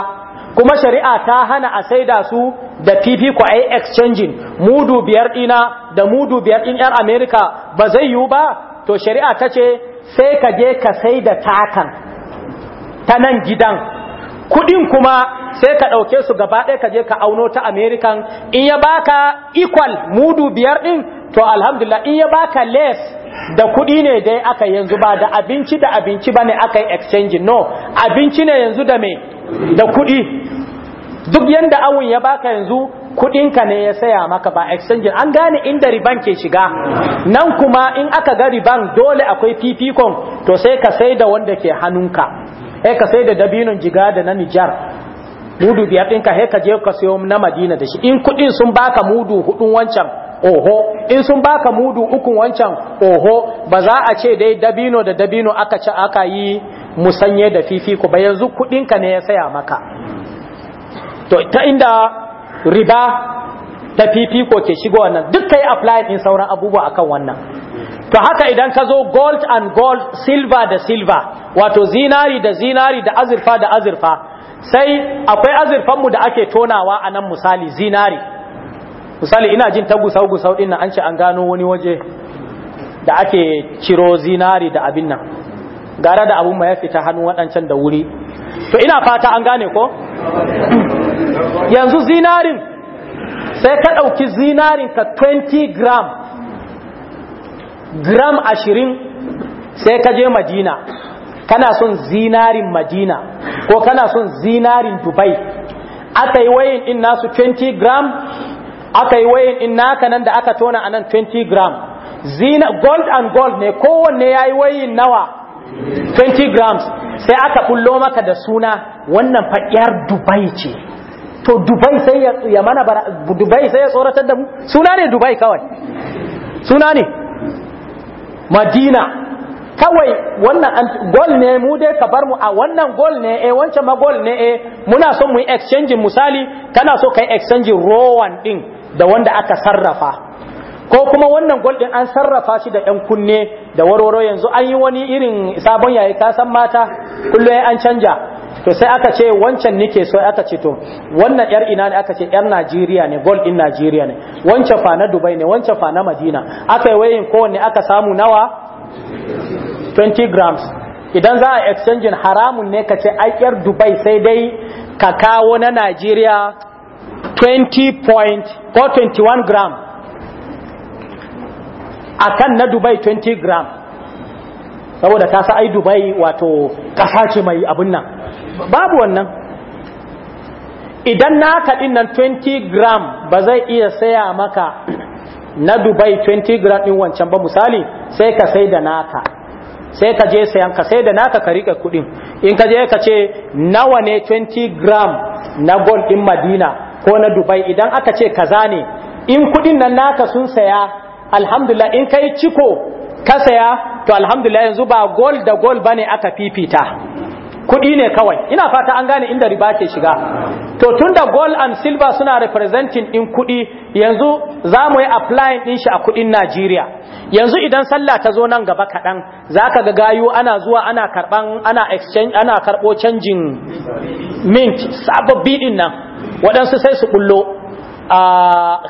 kuma shari'a ta hana a sai da su da ko a yi exchanging mudu biyar ɗina da mudu biyar ɗin 'yar amerika ba zai yiwu ba to shari'a ta ce sai ka je ka sai da takan ta nan gidan kudin kuma sai ka ɗauke su gaba ɗaya ka je ka auno ta american in ya baka equal mudu biyar ɗin to alhamdulillah in ya baka less da kudi ne dai aka yanzu ba da abinci da abinci ba aka yi exchange no abinci ne yanzu da me da kudi duk yanda awun ya baka yanzu ka ne ya saya maka ba exchange an gane inda riban ke shiga nan kuma in aka ga riban dole akwai fifikon to sai ka sai da wanda ke hannunka e ka sai da dabinon jiga da na Nijar mudu biyar ka he ka je ka sayo na Madina da shi in kuɗin sun baka mudu hudun wancan oho in sun baka mudu ukun wancan oho ba za a ce dai dabino da dabino aka ci aka yi musanye da fifiko ba yanzu ka ne ya saya maka to ta inda riba ta fifiko ke shigo wannan duk kai apply din sauran abubuwa akan wannan to haka idan ka zo gold and gold silver da silver wato zinari da zinari da azurfa da azurfa sai akwai azurfanmu da ake tonawa a nan misali zinari misali ina jin ta gusau-gusau ɗin nan an ce an gano wani waje da ake ciro zinari da abin nan gara da abun mai ya fita hannu waɗancan da wuri to ina fata an gane ko yanzu zinarin sai ka ɗauki zinarin ka 20 gram gram ashirin sai ka je madina kana son zinarin madina ko kana son zinarin dubai aka yi wayin in nasu 20 gram aka yi wayin in naka nan da aka tona a nan 20 gram Zina, gold and gold ne kowanne ya yi wayin nawa 20 grams sai aka kullo maka da suna wannan faɗiyar dubai ce to dubai sai ya mana dubai sai ya tsoratar da mu suna ne dubai kawai suna ne madina kawai wannan gol ne mu dai ka bar mu a wannan gol ne eh wancan ma gol ne eh muna son mu yi misali kana so kai exchange rowan din da wanda aka sarrafa ko kuma wannan gol din an sarrafa shi da yan kunne da warwaro yanzu an yi wani irin sabon yayi kasan mata kullu an canja to sai aka ce wancan nike so aka ce to wannan yar ina ne aka ce yar Najeriya ne gold din Najeriya ne wancan fa na Dubai ne wancan fa na Madina aka yi wayin kowanne aka samu nawa 20 grams idan za a exchange haramun ne ka ce ai yar Dubai sai dai ka kawo na Najeriya 20 point ko 21 gram akan na Dubai 20 gram saboda ta sa ai Dubai wato kasa ce mai abun nan babu wannan idan naka din nan 20 gram ba zai iya saya maka na dubai 20 gram din wancan ba misali sai ka sai da naka sai ka je sayan ka sai da naka ka rika kudin in ka je ka ce nawa ne 20 gram na gold ɗin madina ko na dubai idan aka ce kaza ne in kuɗin nan naka sun saya alhamdulillah in kai ciko ka saya to alhamdulillah yanzu ba gold da gold bane aka fifita kuɗi ne kawai ina fata an gane inda riba ke shiga to tunda gold and silver suna representing din kuɗi yanzu za mu yi applying din shi a kuɗin Najeriya yanzu idan sallah ta zo nan gaba kaɗan za ka ga gayu ana zuwa ana karɓan ana exchange ana karɓo canjin mint sababbi din nan waɗansu sai su bullo a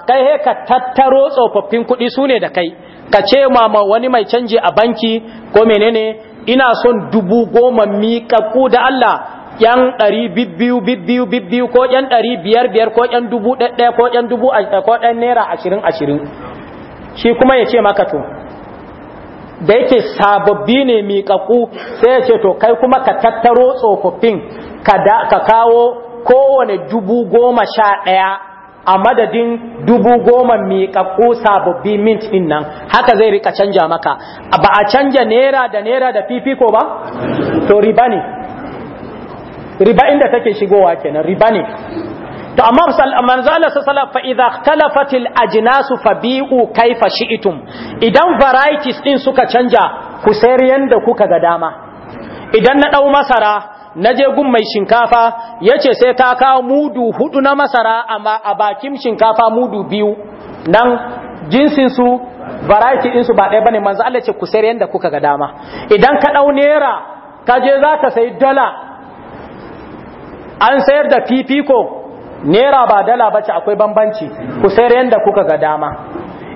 kai he ka tattaro tsofaffin kuɗi su ne da kai ka ce ma wani mai canji a banki ko menene ina son dubu goma miƙa ku da Allah yan ɗari bibbiyu bibbiyu bibbiyu ko yan ɗari biyar biyar ko yan dubu ɗaya ko yan dubu ko ɗan naira ashirin ashirin shi kuma ya ce maka to da yake sababbi ne miƙa ku sai ya ce to kai kuma ka tattaro tsofaffin ka kawo kowane dubu goma sha ɗaya a madadin dubu goma miƙaƙƙu sababbi mint ɗin nan haka zai rika canja maka ba a canja naira da naira da fifiko ba to riba ne riba inda take shigowa kenan riba ne to amma manzo Allah sallallahu fa idza fabi'u kaifa itum idan varieties din suka canja ku sayar yanda kuka ga dama idan na dau masara Naje gun mai shinkafa yace ce sai ka kawo mudu hudu na masara amma a bakin shinkafa mudu biyu nan jinsinsu variety insu ba ɗaya bane manzo Allah ce ku sayar yanda kuka ga dama idan ka ɗau naira ka je za ka sayi dala an sayar da fifiko naira ba dala ba ce akwai bambanci ku sayar yanda kuka ga dama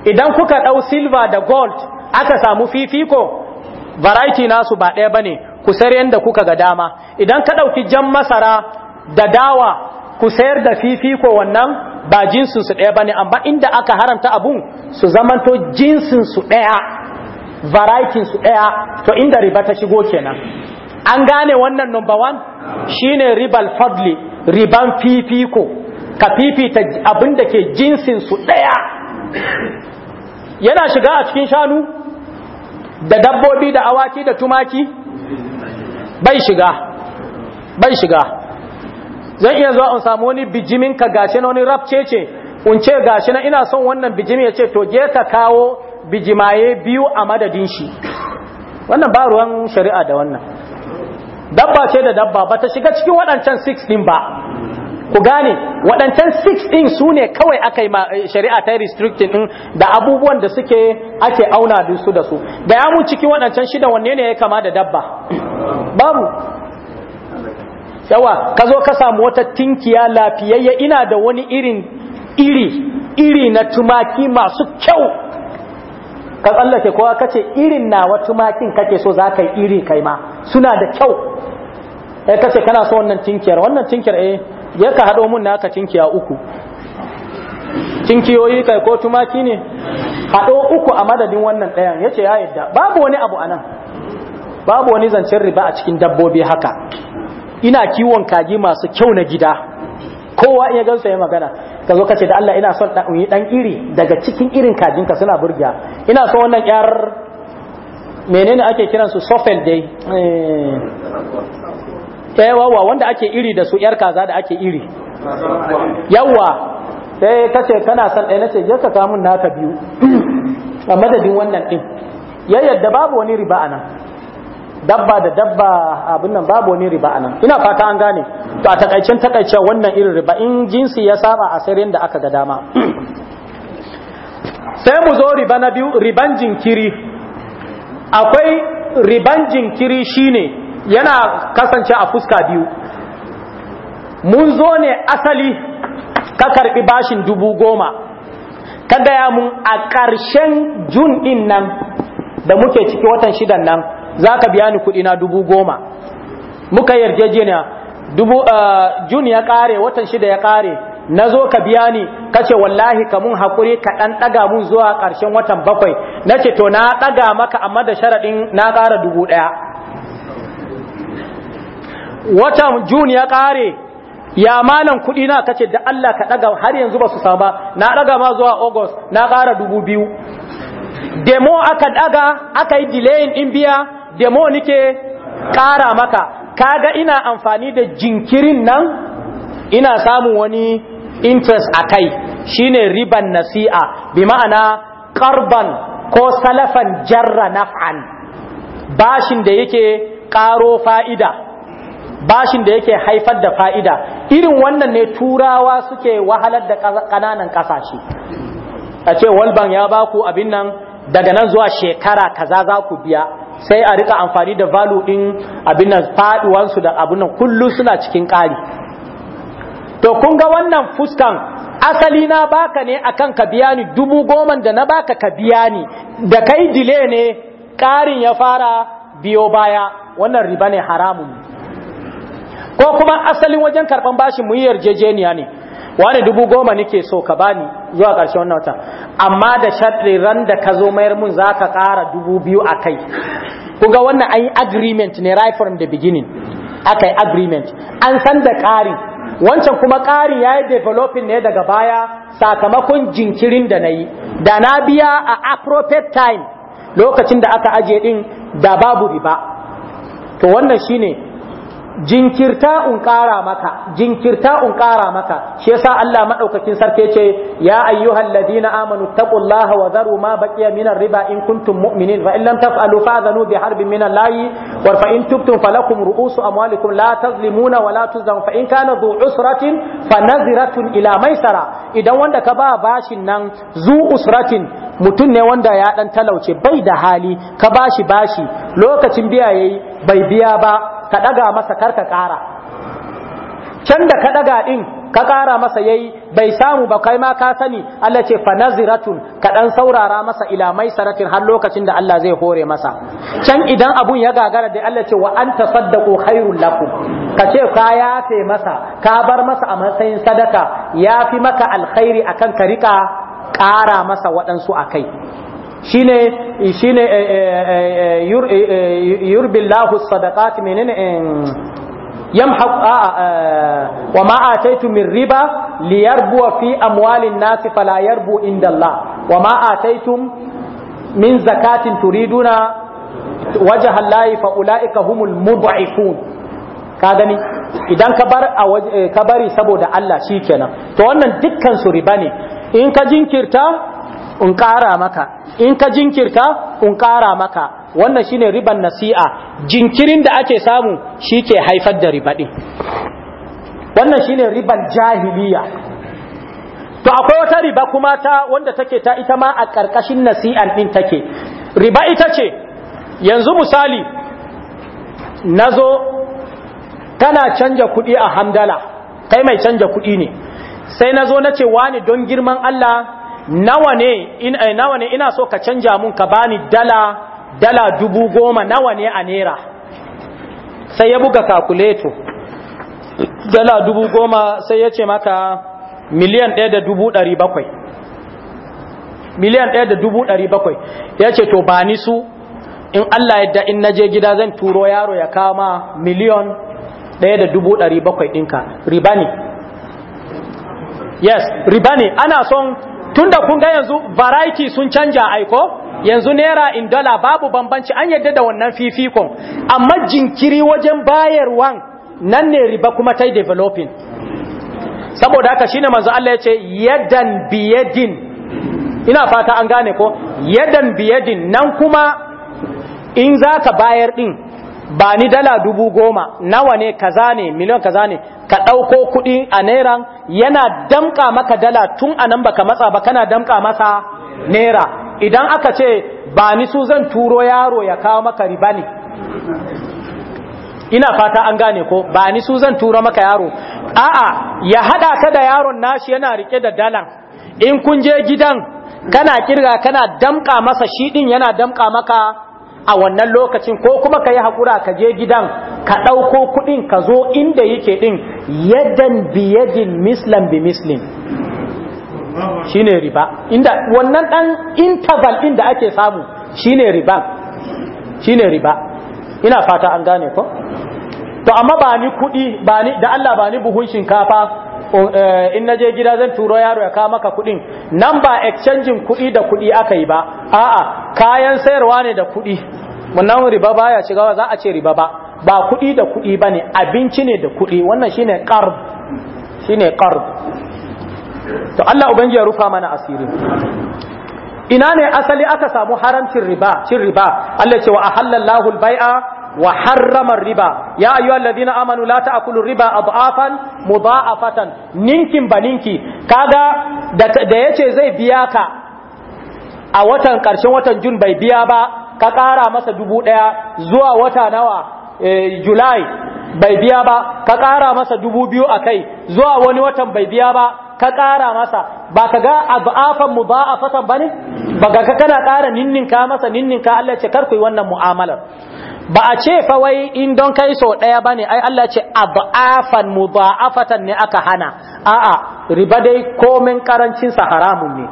idan kuka ɗau silver da gold aka samu fifiko variety nasu ba ɗaya bane ku sayar yadda kuka ga dama idan ka ɗauki jan masara da dawa ku sayar da fifiko wannan ba jinsin su ɗaya bane amma inda aka haramta abun su zamanto jinsin su ɗaya varietin su ɗaya to inda riba ta shigo kenan an gane wannan number one shine ribal fadli riban fifiko ka fifita abin da ke jinsin su ɗaya yana shiga a cikin shanu da dabbobi da awaki da tumaki bai shiga bai shiga zan iya zuwa in samu wani bijimin ka gashi na wani rafce ce in ce gashi na ina son wannan bijimin ya ce to je ka kawo bijimaye biyu a madadin shi wannan ba ruwan shari'a da wannan dabba ce da dabba ba ta shiga cikin waɗancan 6 ɗin ba ku gane waɗancan 6 ɗin su ne kawai aka yi eh, shari'a ta restricting ɗin da abubuwan da suke ake auna su da su da ya mun ciki waɗancan shida wanne ne ya kama da dabba babu yawa ka zo ka samu wata tinkiya lafiyayya ina da wani irin iri iri na tumaki masu kyau ka tsallake kowa ka ce irin na wa tumakin kake so za ka yi iri kai ma suna da kyau ya eh, kace kana so wannan tinkiyar wannan tinkiyar eh ya ka haɗo mun naka cinkiya uku cinkiyoyi kai ko tumaki ne haɗo uku a madadin wannan ɗayan ya ce ya yadda babu wani abu a nan babu wani zancen riba a cikin dabbobi haka ina kiwon kaji masu kyau na gida kowa iya gansa ya magana ka zo ka da Allah ina son yi dan iri daga cikin irin kajinka suna burgiya ina son wannan yar menene ake kiransu sofel dai eh. yawawa wanda ake iri da su yar kaza da ake iri yawa sai ta ce kana son ɗaya na ce ka kamun naka biyu a madadin wannan ɗin ya yadda babu wani riba a nan dabba da dabba abin nan babu wani riba a nan ina fata an gane to a takaicen takaice wannan irin riba in jinsi ya saba a sirrin da aka ga dama sai mu zo riba na biyu riban jinkiri akwai riban jinkiri shine yana kasance a fuska biyu mun zo ne asali ka karbi bashin dubu goma ka gaya mun a ƙarshen jun ɗin nan da muke ciki watan shidan nan za ka biya ni kuɗi na dubu goma muka yarjejeniya dubu eh, jun ya ƙare watan shida ya ƙare na zo ka biya ni ka ce wallahi ka mun haƙuri ka ɗan ɗaga mun zuwa ƙarshen watan bakwai na ce to na ɗaga maka amma da sharaɗin na ƙara dubu ɗaya watan juni ya ƙare ya malam kudi na kace da Allah ka ɗaga har yanzu ba su saba na ɗaga ma zuwa august na ƙara dubu biyu demo aka daga, aka yi delay in biya demo nike ƙara maka kaga ina amfani da jinkirin nan ina samun wani interest a kai shine riban nasi'a bi ma'ana ƙarban ko salafan jarra naf'an bashin da yake ƙaro fa'ida bashin da yake haifar da fa'ida irin wannan ne turawa suke wahalar da ƙananan ƙasashe a ce walban ya ba ku abin nan daga nan zuwa shekara kaza za ku biya sai a rika amfani da valu ɗin abin nan faɗuwansu da abin nan kullum suna cikin ƙari to kun ga wannan fuskan asali na baka ne akan ka biya ni dubu goma da na baka ka biya ni da kai dile ne ƙarin ya fara biyo baya wannan riba ne haramun ko kuma asalin wajen karban bashin mu yi yarjejeniya ne wani dubu goma nake so ka bani zuwa ƙarshen wannan wata amma da sharɗi ran da ka zo mayar mun za ka ƙara dubu biyu a kai kuga wannan an yi agreement ne right from the beginning aka yi agreement an san da ƙari wancan kuma ƙari ya yi developing ne daga baya sakamakon jinkirin da na yi da na biya a appropriate time lokacin da aka ajiye din da babu riba to wannan shine jinkirta un ƙara maka jinkirta un ƙara maka shi yasa Allah madaukakin sarki ce ya ayyuhal ladina amanu taqullaha wa zaru ma baqiya minar riba in kuntum mu'minin fa in lam taf'alu fa'dhanu bi harbin minallahi wa fa in tubtum falakum ru'usu amwalikum la tazlimuna wa la tuzlam fa in kana dhu usratin fa naziratun ila maisara idan wanda ka ba bashin nan zu usratin mutum ne wanda ya dan talauce bai da hali ka bashi bashi lokacin biya yayi bai biya ba ka ɗaga masa kar ka ƙara can da ka ɗaga ɗin ka ƙara masa yayi bai samu ba kai ma ka sani Allah ce fa naziratun ka dan saurara masa ila mai saratin har lokacin da Allah zai hore masa can idan abun ya gagara da Allah ce wa anta saddaqu khairul lakum ka ce ka yafe masa ka bar masa a matsayin sadaka yafi maka alkhairi akan ka rika ƙara masa waɗansu akai shine shine eh, eh, eh, yurbillahu sadaqat menene yamhaq ah, wa ma ataitu min riba liyarbu fi amwalin nasi fala yarbu inda Allah wa ma ataitum min zakatin turiduna wajha Allah fa ulaika humul mud'ifun ka gani idan ka bar ka bari saboda Allah shikenan to wannan dukkan su riba ne in ka jinkirta in ƙara maka in ka jinkirta in ƙara maka wannan shine riban nasi'a jinkirin da ake samu shi ke haifar da ribaɗin wannan shine riban jahiliya to akwai wata riba kuma ta wanda take ta ita ma a ƙarƙashin nasi'an ɗin take riba ita ce yanzu misali nazo tana canja kuɗi a hamdala kai mai canja kuɗi ne sai nazo na ce wani don girman Allah nawa ne in eh, nawa ne ina so ka canja mun ka bani dala dala dubu goma nawa ne a naira sai ya buga kakuleto dala dubu goma sai ya ce maka miliyan ɗaya da dubu ɗari bakwai miliyan ɗaya da dubu ɗari bakwai ya ce to ba ni su in Allah yadda in naje gida zan turo yaro ya kama miliyan ɗaya da dubu ɗari bakwai ɗinka riba ne yes riba ne ana son tunda kun ga yanzu variety sun canja aiko yanzu naira in dollar babu bambanci an yadda da wannan fifikon amma jinkiri wajen bayarwan nan ne riba kuma ta developing saboda haka shine manzo Allah yace yadan biyadin ina fata an gane ko yadan biyadin nan kuma in zaka bayar din ba ni dala dubu goma nawa ne kaza ne miliyan kaza ne ka ɗauko kuɗi a naira yana damƙa maka dala tun a nan baka matsa ba kana damƙa masa naira idan aka ce ba ni su zan turo yaro ya kawo maka riba ne ina fata an gane ko ba ni su zan turo maka yaro a'a ya haɗa ka da yaron nashi yana rike da dalan in kun je gidan kana kirga kana damƙa masa shi ɗin yana damƙa maka a wannan lokacin ko kuma ka yi haƙura ka je gidan ka ɗauko kuɗin ka zo inda yake ɗin yadan biyadin mislan bi mislin ne riba inda wannan ɗan interval ɗin da ake samu shi ne riba shi ne riba ina fata an gane ko to amma ba ni kuɗi ba ni da Allah ba ni buhun shinkafa Eh, in na je gida zan turo yaro ya kawo maka kuɗin nan ba exchanging kuɗi da kuɗi aka yi ba a'a kayan sayarwa ne da kuɗi wannan riba ba ya shiga ba za a ce riba ba ba kuɗi da kuɗi ba ne abinci ne da kuɗi wannan shine qard shine qard to Allah ubangi ya rufa mana asiri ina ne asali aka samu haramcin riba cin riba Allah ce wa ahallallahu al-bai'a wa harrama riba ya ayyuha alladhina amanu la ta'kulu riba adafan mudha'afatan ninkin ba kaga da yace zai biya ka a watan karshen watan jun bai biya ba ka kara masa dubu daya zuwa wata nawa eh, july bai biya ba ka kara masa dubu biyu a kai zuwa wani watan bai biya ba ka kara masa ba ka ga abafan mudha'afatan bane ba ga ka kana kara ninninka masa ninninka Allah ce kar ku yi wannan mu'amalar ba a ce fa wai in don kai so ɗaya ba ne ai Allah ce ab'afan mudha'afatan ne aka hana a'a riba dai komin karancin sa haramun ne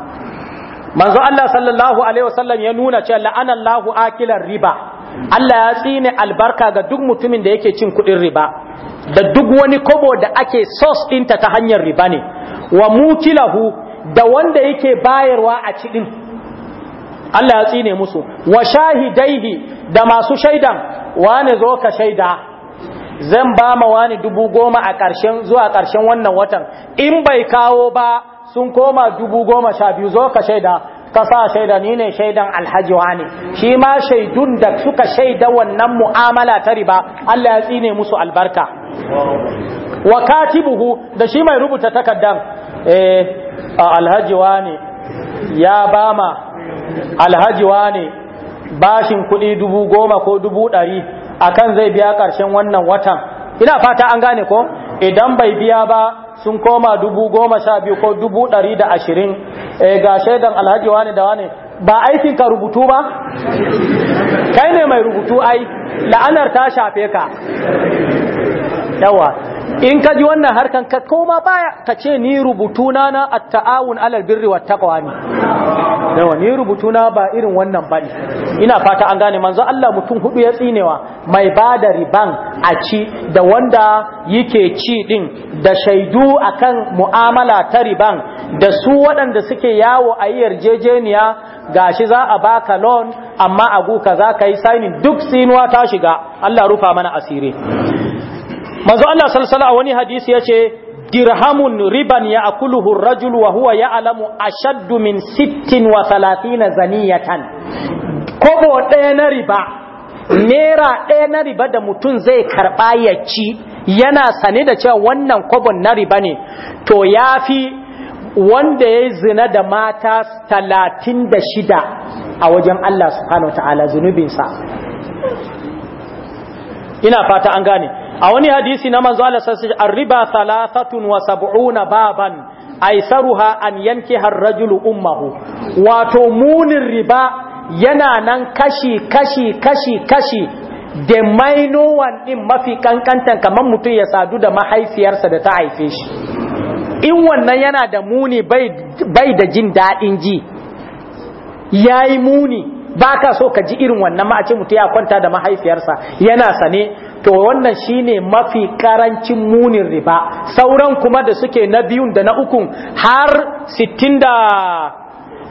manzo Allah sallallahu alaihi wasallam ya nuna cewa la'ana Allahu akilar riba Allah ya tsine albarka ga duk mutumin da yake cin kuɗin riba da duk wani kobo da ake sos ɗinta ta hanyar riba ne wa mukilahu da wanda yake bayarwa a cikin Allah ya tsine musu wa shahidaihi da masu shaidan Wani zo ka shaida zan ba ma wani dubu goma a ƙarshen zuwa ƙarshen wannan watan in bai kawo ba sun koma dubu goma sha biyu zo ka shaida ka sa shaida ni ne shaidan alhaji wani shi ma shaidun da suka shaida wannan mu'amala ta riba Allah ya tsine musu albarka wa katibuhu da shi mai rubuta takardan eh alhaji wani ya bama alhaji wane bashin kuɗi dubu goma ko dubu ɗari akan zai biya ƙarshen wannan watan ina fata an gane ko idan bai biya ba sun koma dubu goma sha biyu ko dubu ɗari da ashirin eh, ga shaidan alhaji wane da wani ba aikin ka rubutu ba kai ne mai rubutu ai la'anar ta shafe ka yawa in ka ji wannan harkan ka koma baya ka ce ni rubutuna na at-ta'awun alal birri wat taqwa ne yawa ni rubutuna ba irin wannan bane ina fata an gane manzo Allah mutum hudu ya tsinewa mai bada riban a ci da wanda yake ci din da shaidu akan mu'amala ta riban da su waɗanda suke yawo a yarjejeniya gashi za a baka loan amma a za zaka yi signing duk sinuwa ta shiga Allah rufa mana asiri manzo Allah sallallahu a wani hadisi yace dirhamun riban ya'kuluhu ar-rajul wa huwa ya'lamu ashaddu min 36 zaniyatan kobo ɗaya na riba nera ɗaya na riba da mutum zai karɓa ya ci yana sane da cewa wannan kobon na riba ne to yafi wanda yayi zina da mata talatin da shida a wajen Allah subhanahu wataala ta'ala zunubinsa ina fata an gane a wani hadisi na manzo Allah sallallahu alaihi arriba thalathatun wa sab'una baban aisaruha an yankiha ar-rajulu ummahu wato munin riba yana nan kashi kashi kashi kashi da maino din mafi kankantan kamar mutum ya sadu da mahaifiyarsa da ta haife shi in wannan yana da muni bai da jin daɗin ji yayi muni baka so ka ji irin wannan ma a ce mutum ya kwanta da mahaifiyarsa yana sane to wannan shine mafi karancin munin riba sauran kuma da suke na biyun da na ukun har 60 da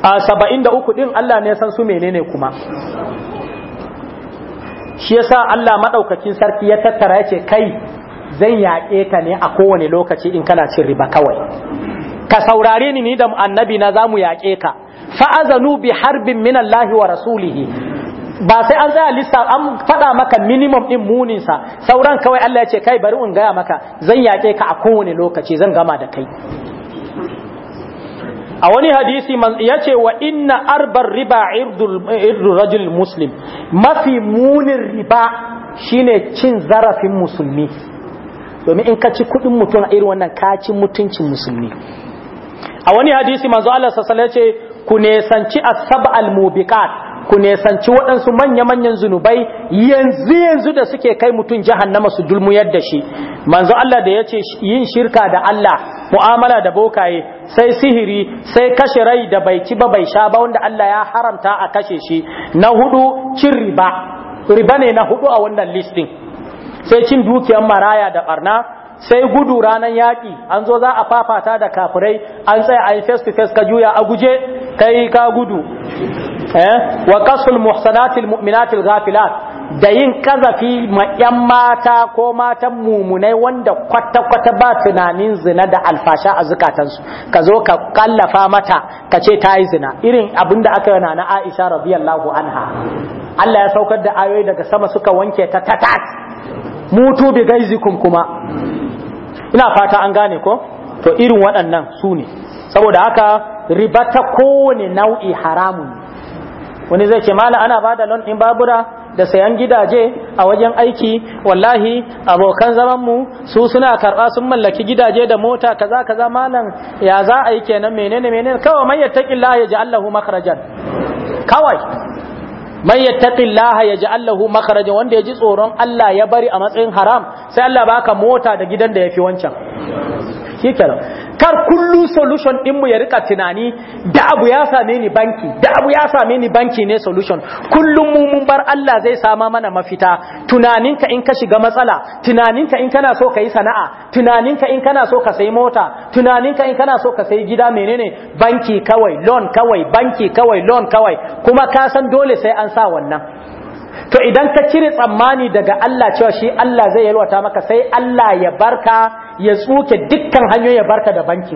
73 din Allah ne ya san su menene kuma shi yasa Allah madaukakin sarki ya tattara yace kai zan yaƙe ka ne a kowane lokaci in kana cin riba kawai ka saurare ni ni da annabi na zamu yaƙe ka Fa azanu bi harbin minallahi wa rasulihi ba sai an tsaya lista an faɗa maka minimum ɗin muninsa sauran kawai Allah ya ce kai bari in gaya maka zan yake ka a kowane lokaci zan gama da kai a wani hadisi ya ce wa inna arbar riba irdul rajul muslim mafi munin riba shine cin zarafin musulmi domin in ka ci kuɗin mutum a irin wannan ka ci mutuncin musulmi a wani hadisi manzo Allah sassala ya ce ku nesanci asab al-mubiqat ku nesanci waɗansu manya-manyan zunubai yanzu yanzu da suke kai mutum jahannama su dulmuyar da shi manzo Allah da ya ce yin shirka da Allah mu'amala da bokaye sai sihiri sai kashe rai da bai ci ba bai sha ba wanda Allah ya haramta a kashe shi na hudu cin riba riba ne na hudu a wannan listin sai cin dukiyar maraya da barna sai gudu ranar yaƙi an zo za a fafata da kafirai an tsaya a yi face to face ka juya a guje kai ka gudu Eh? wa kasul muhsanatil mu'minatil ghafilat da yin kazafi ma yan mata ko matan mumunai wanda kwata kwata ba tunanin zina da alfasha a zukatansu ka zo ka kallafa mata ka ce ta yi zina irin abin da aka yana na Aisha radiyallahu anha Allah ya saukar da ayoyi daga sama suka wanke ta tatat mutu bi gaizikum kuma ina fata an gane ko to irin waɗannan su ne saboda haka riba ta kowane nau'i haramun wani zai ce mala ana bada loan din babura da sayan gidaje a wajen aiki wallahi abokan zaman mu su suna karba sun mallaki gidaje da mota kaza kaza malam ya za a yi kenan menene menene kawai man yattaqillaha yaj'al Allahu makhrajan kawai man yattaqillaha yaj'al Allahu makhrajan wanda ya ji tsoron Allah ya bari a matsayin haram sai Allah baka mota da gidan da ya fi wancan shi kar kullu solution din mu ya rika tunani da abu ya same ni banki da abu ya same ni banki ne solution kullum mu mun bar Allah zai sama mana mafita tunaninka in ka shiga matsala tunaninka in kana so ka yi sana'a tunaninka in kana so ka sayi mota tunaninka in kana so ka sayi gida menene banki kawai loan kawai banki kawai loan kawai kuma ka san dole sai an sa wannan to idan ka cire tsammani daga Allah cewa shi Allah zai yalwata maka sai Allah ya barka ya tsuke dukkan hanyoyi ya barka da banki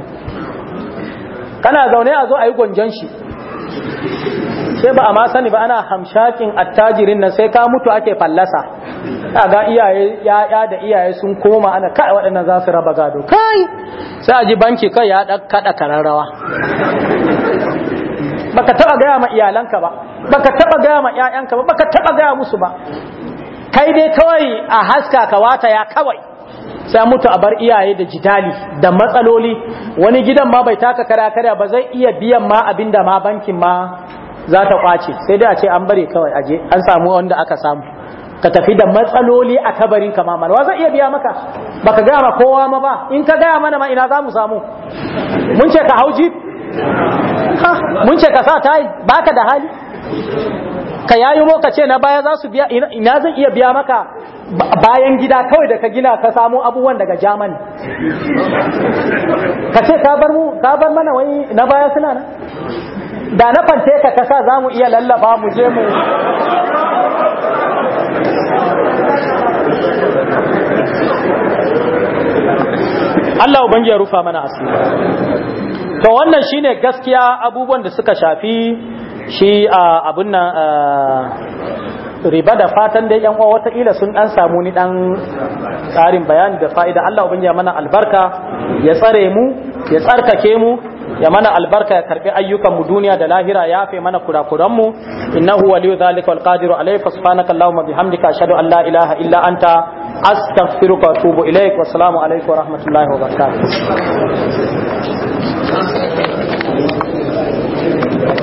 kana zaune a zo a yi gwanjon shi sai ba a ma sani ba ana hamshakin attajirin nan sai ka mutu ake fallasa a ga iyaye ya'ya da iyaye sun koma ana kai waɗannan za su raba gado kai sai a ji banki kai ya ɗan kaɗa kararrawa baka taɓa gaya ma iyalanka ba baka taɓa gaya ma ƴaƴanka ba baka taɓa gaya musu ba kai dai kawai a haska ka wata ya kawai sai mutu a bar iyaye da jidali da matsaloli wani gidan ma bai taka kara kara ba zai iya biyan ma abinda ma bankin ma za ta kwace sai dai a ce an bare kawai aje an samu wanda aka samu ka tafi da matsaloli a kabarin ka ma wa zai iya biya maka baka gaya ma kowa ma ba in ka gaya mana ma ina za mu samu mun ce ka hauji mun ce ka sa tayi baka da hali ka yayi ka ce na baya za su biya ina zan iya biya maka bayan gida kawai da ka gina ka samo abubuwan daga jamani ka ce ka bar mu ka bar mana wani na baya suna na, da na fante ka kasa za mu iya lallaba mu je mu Allah ubangi ya rufa mana asiri to wannan shine gaskiya abubuwan da suka shafi shi abun nan riba da fatan dai yan uwa wataƙila sun dan samu ni dan tsarin bayani da fa'ida Allah ubin ya mana albarka ya tsare mu ya tsarkake mu ya mana albarka ya karbi ayyukan mu duniya da lahira ya fe mana kurakuran mu innahu waliyu zalika wal qadiru alayhi subhanaka allahumma bihamdika ashhadu an la ilaha illa anta astaghfiruka wa atubu ilaik wa assalamu alaykum wa rahmatullahi wa barakatuh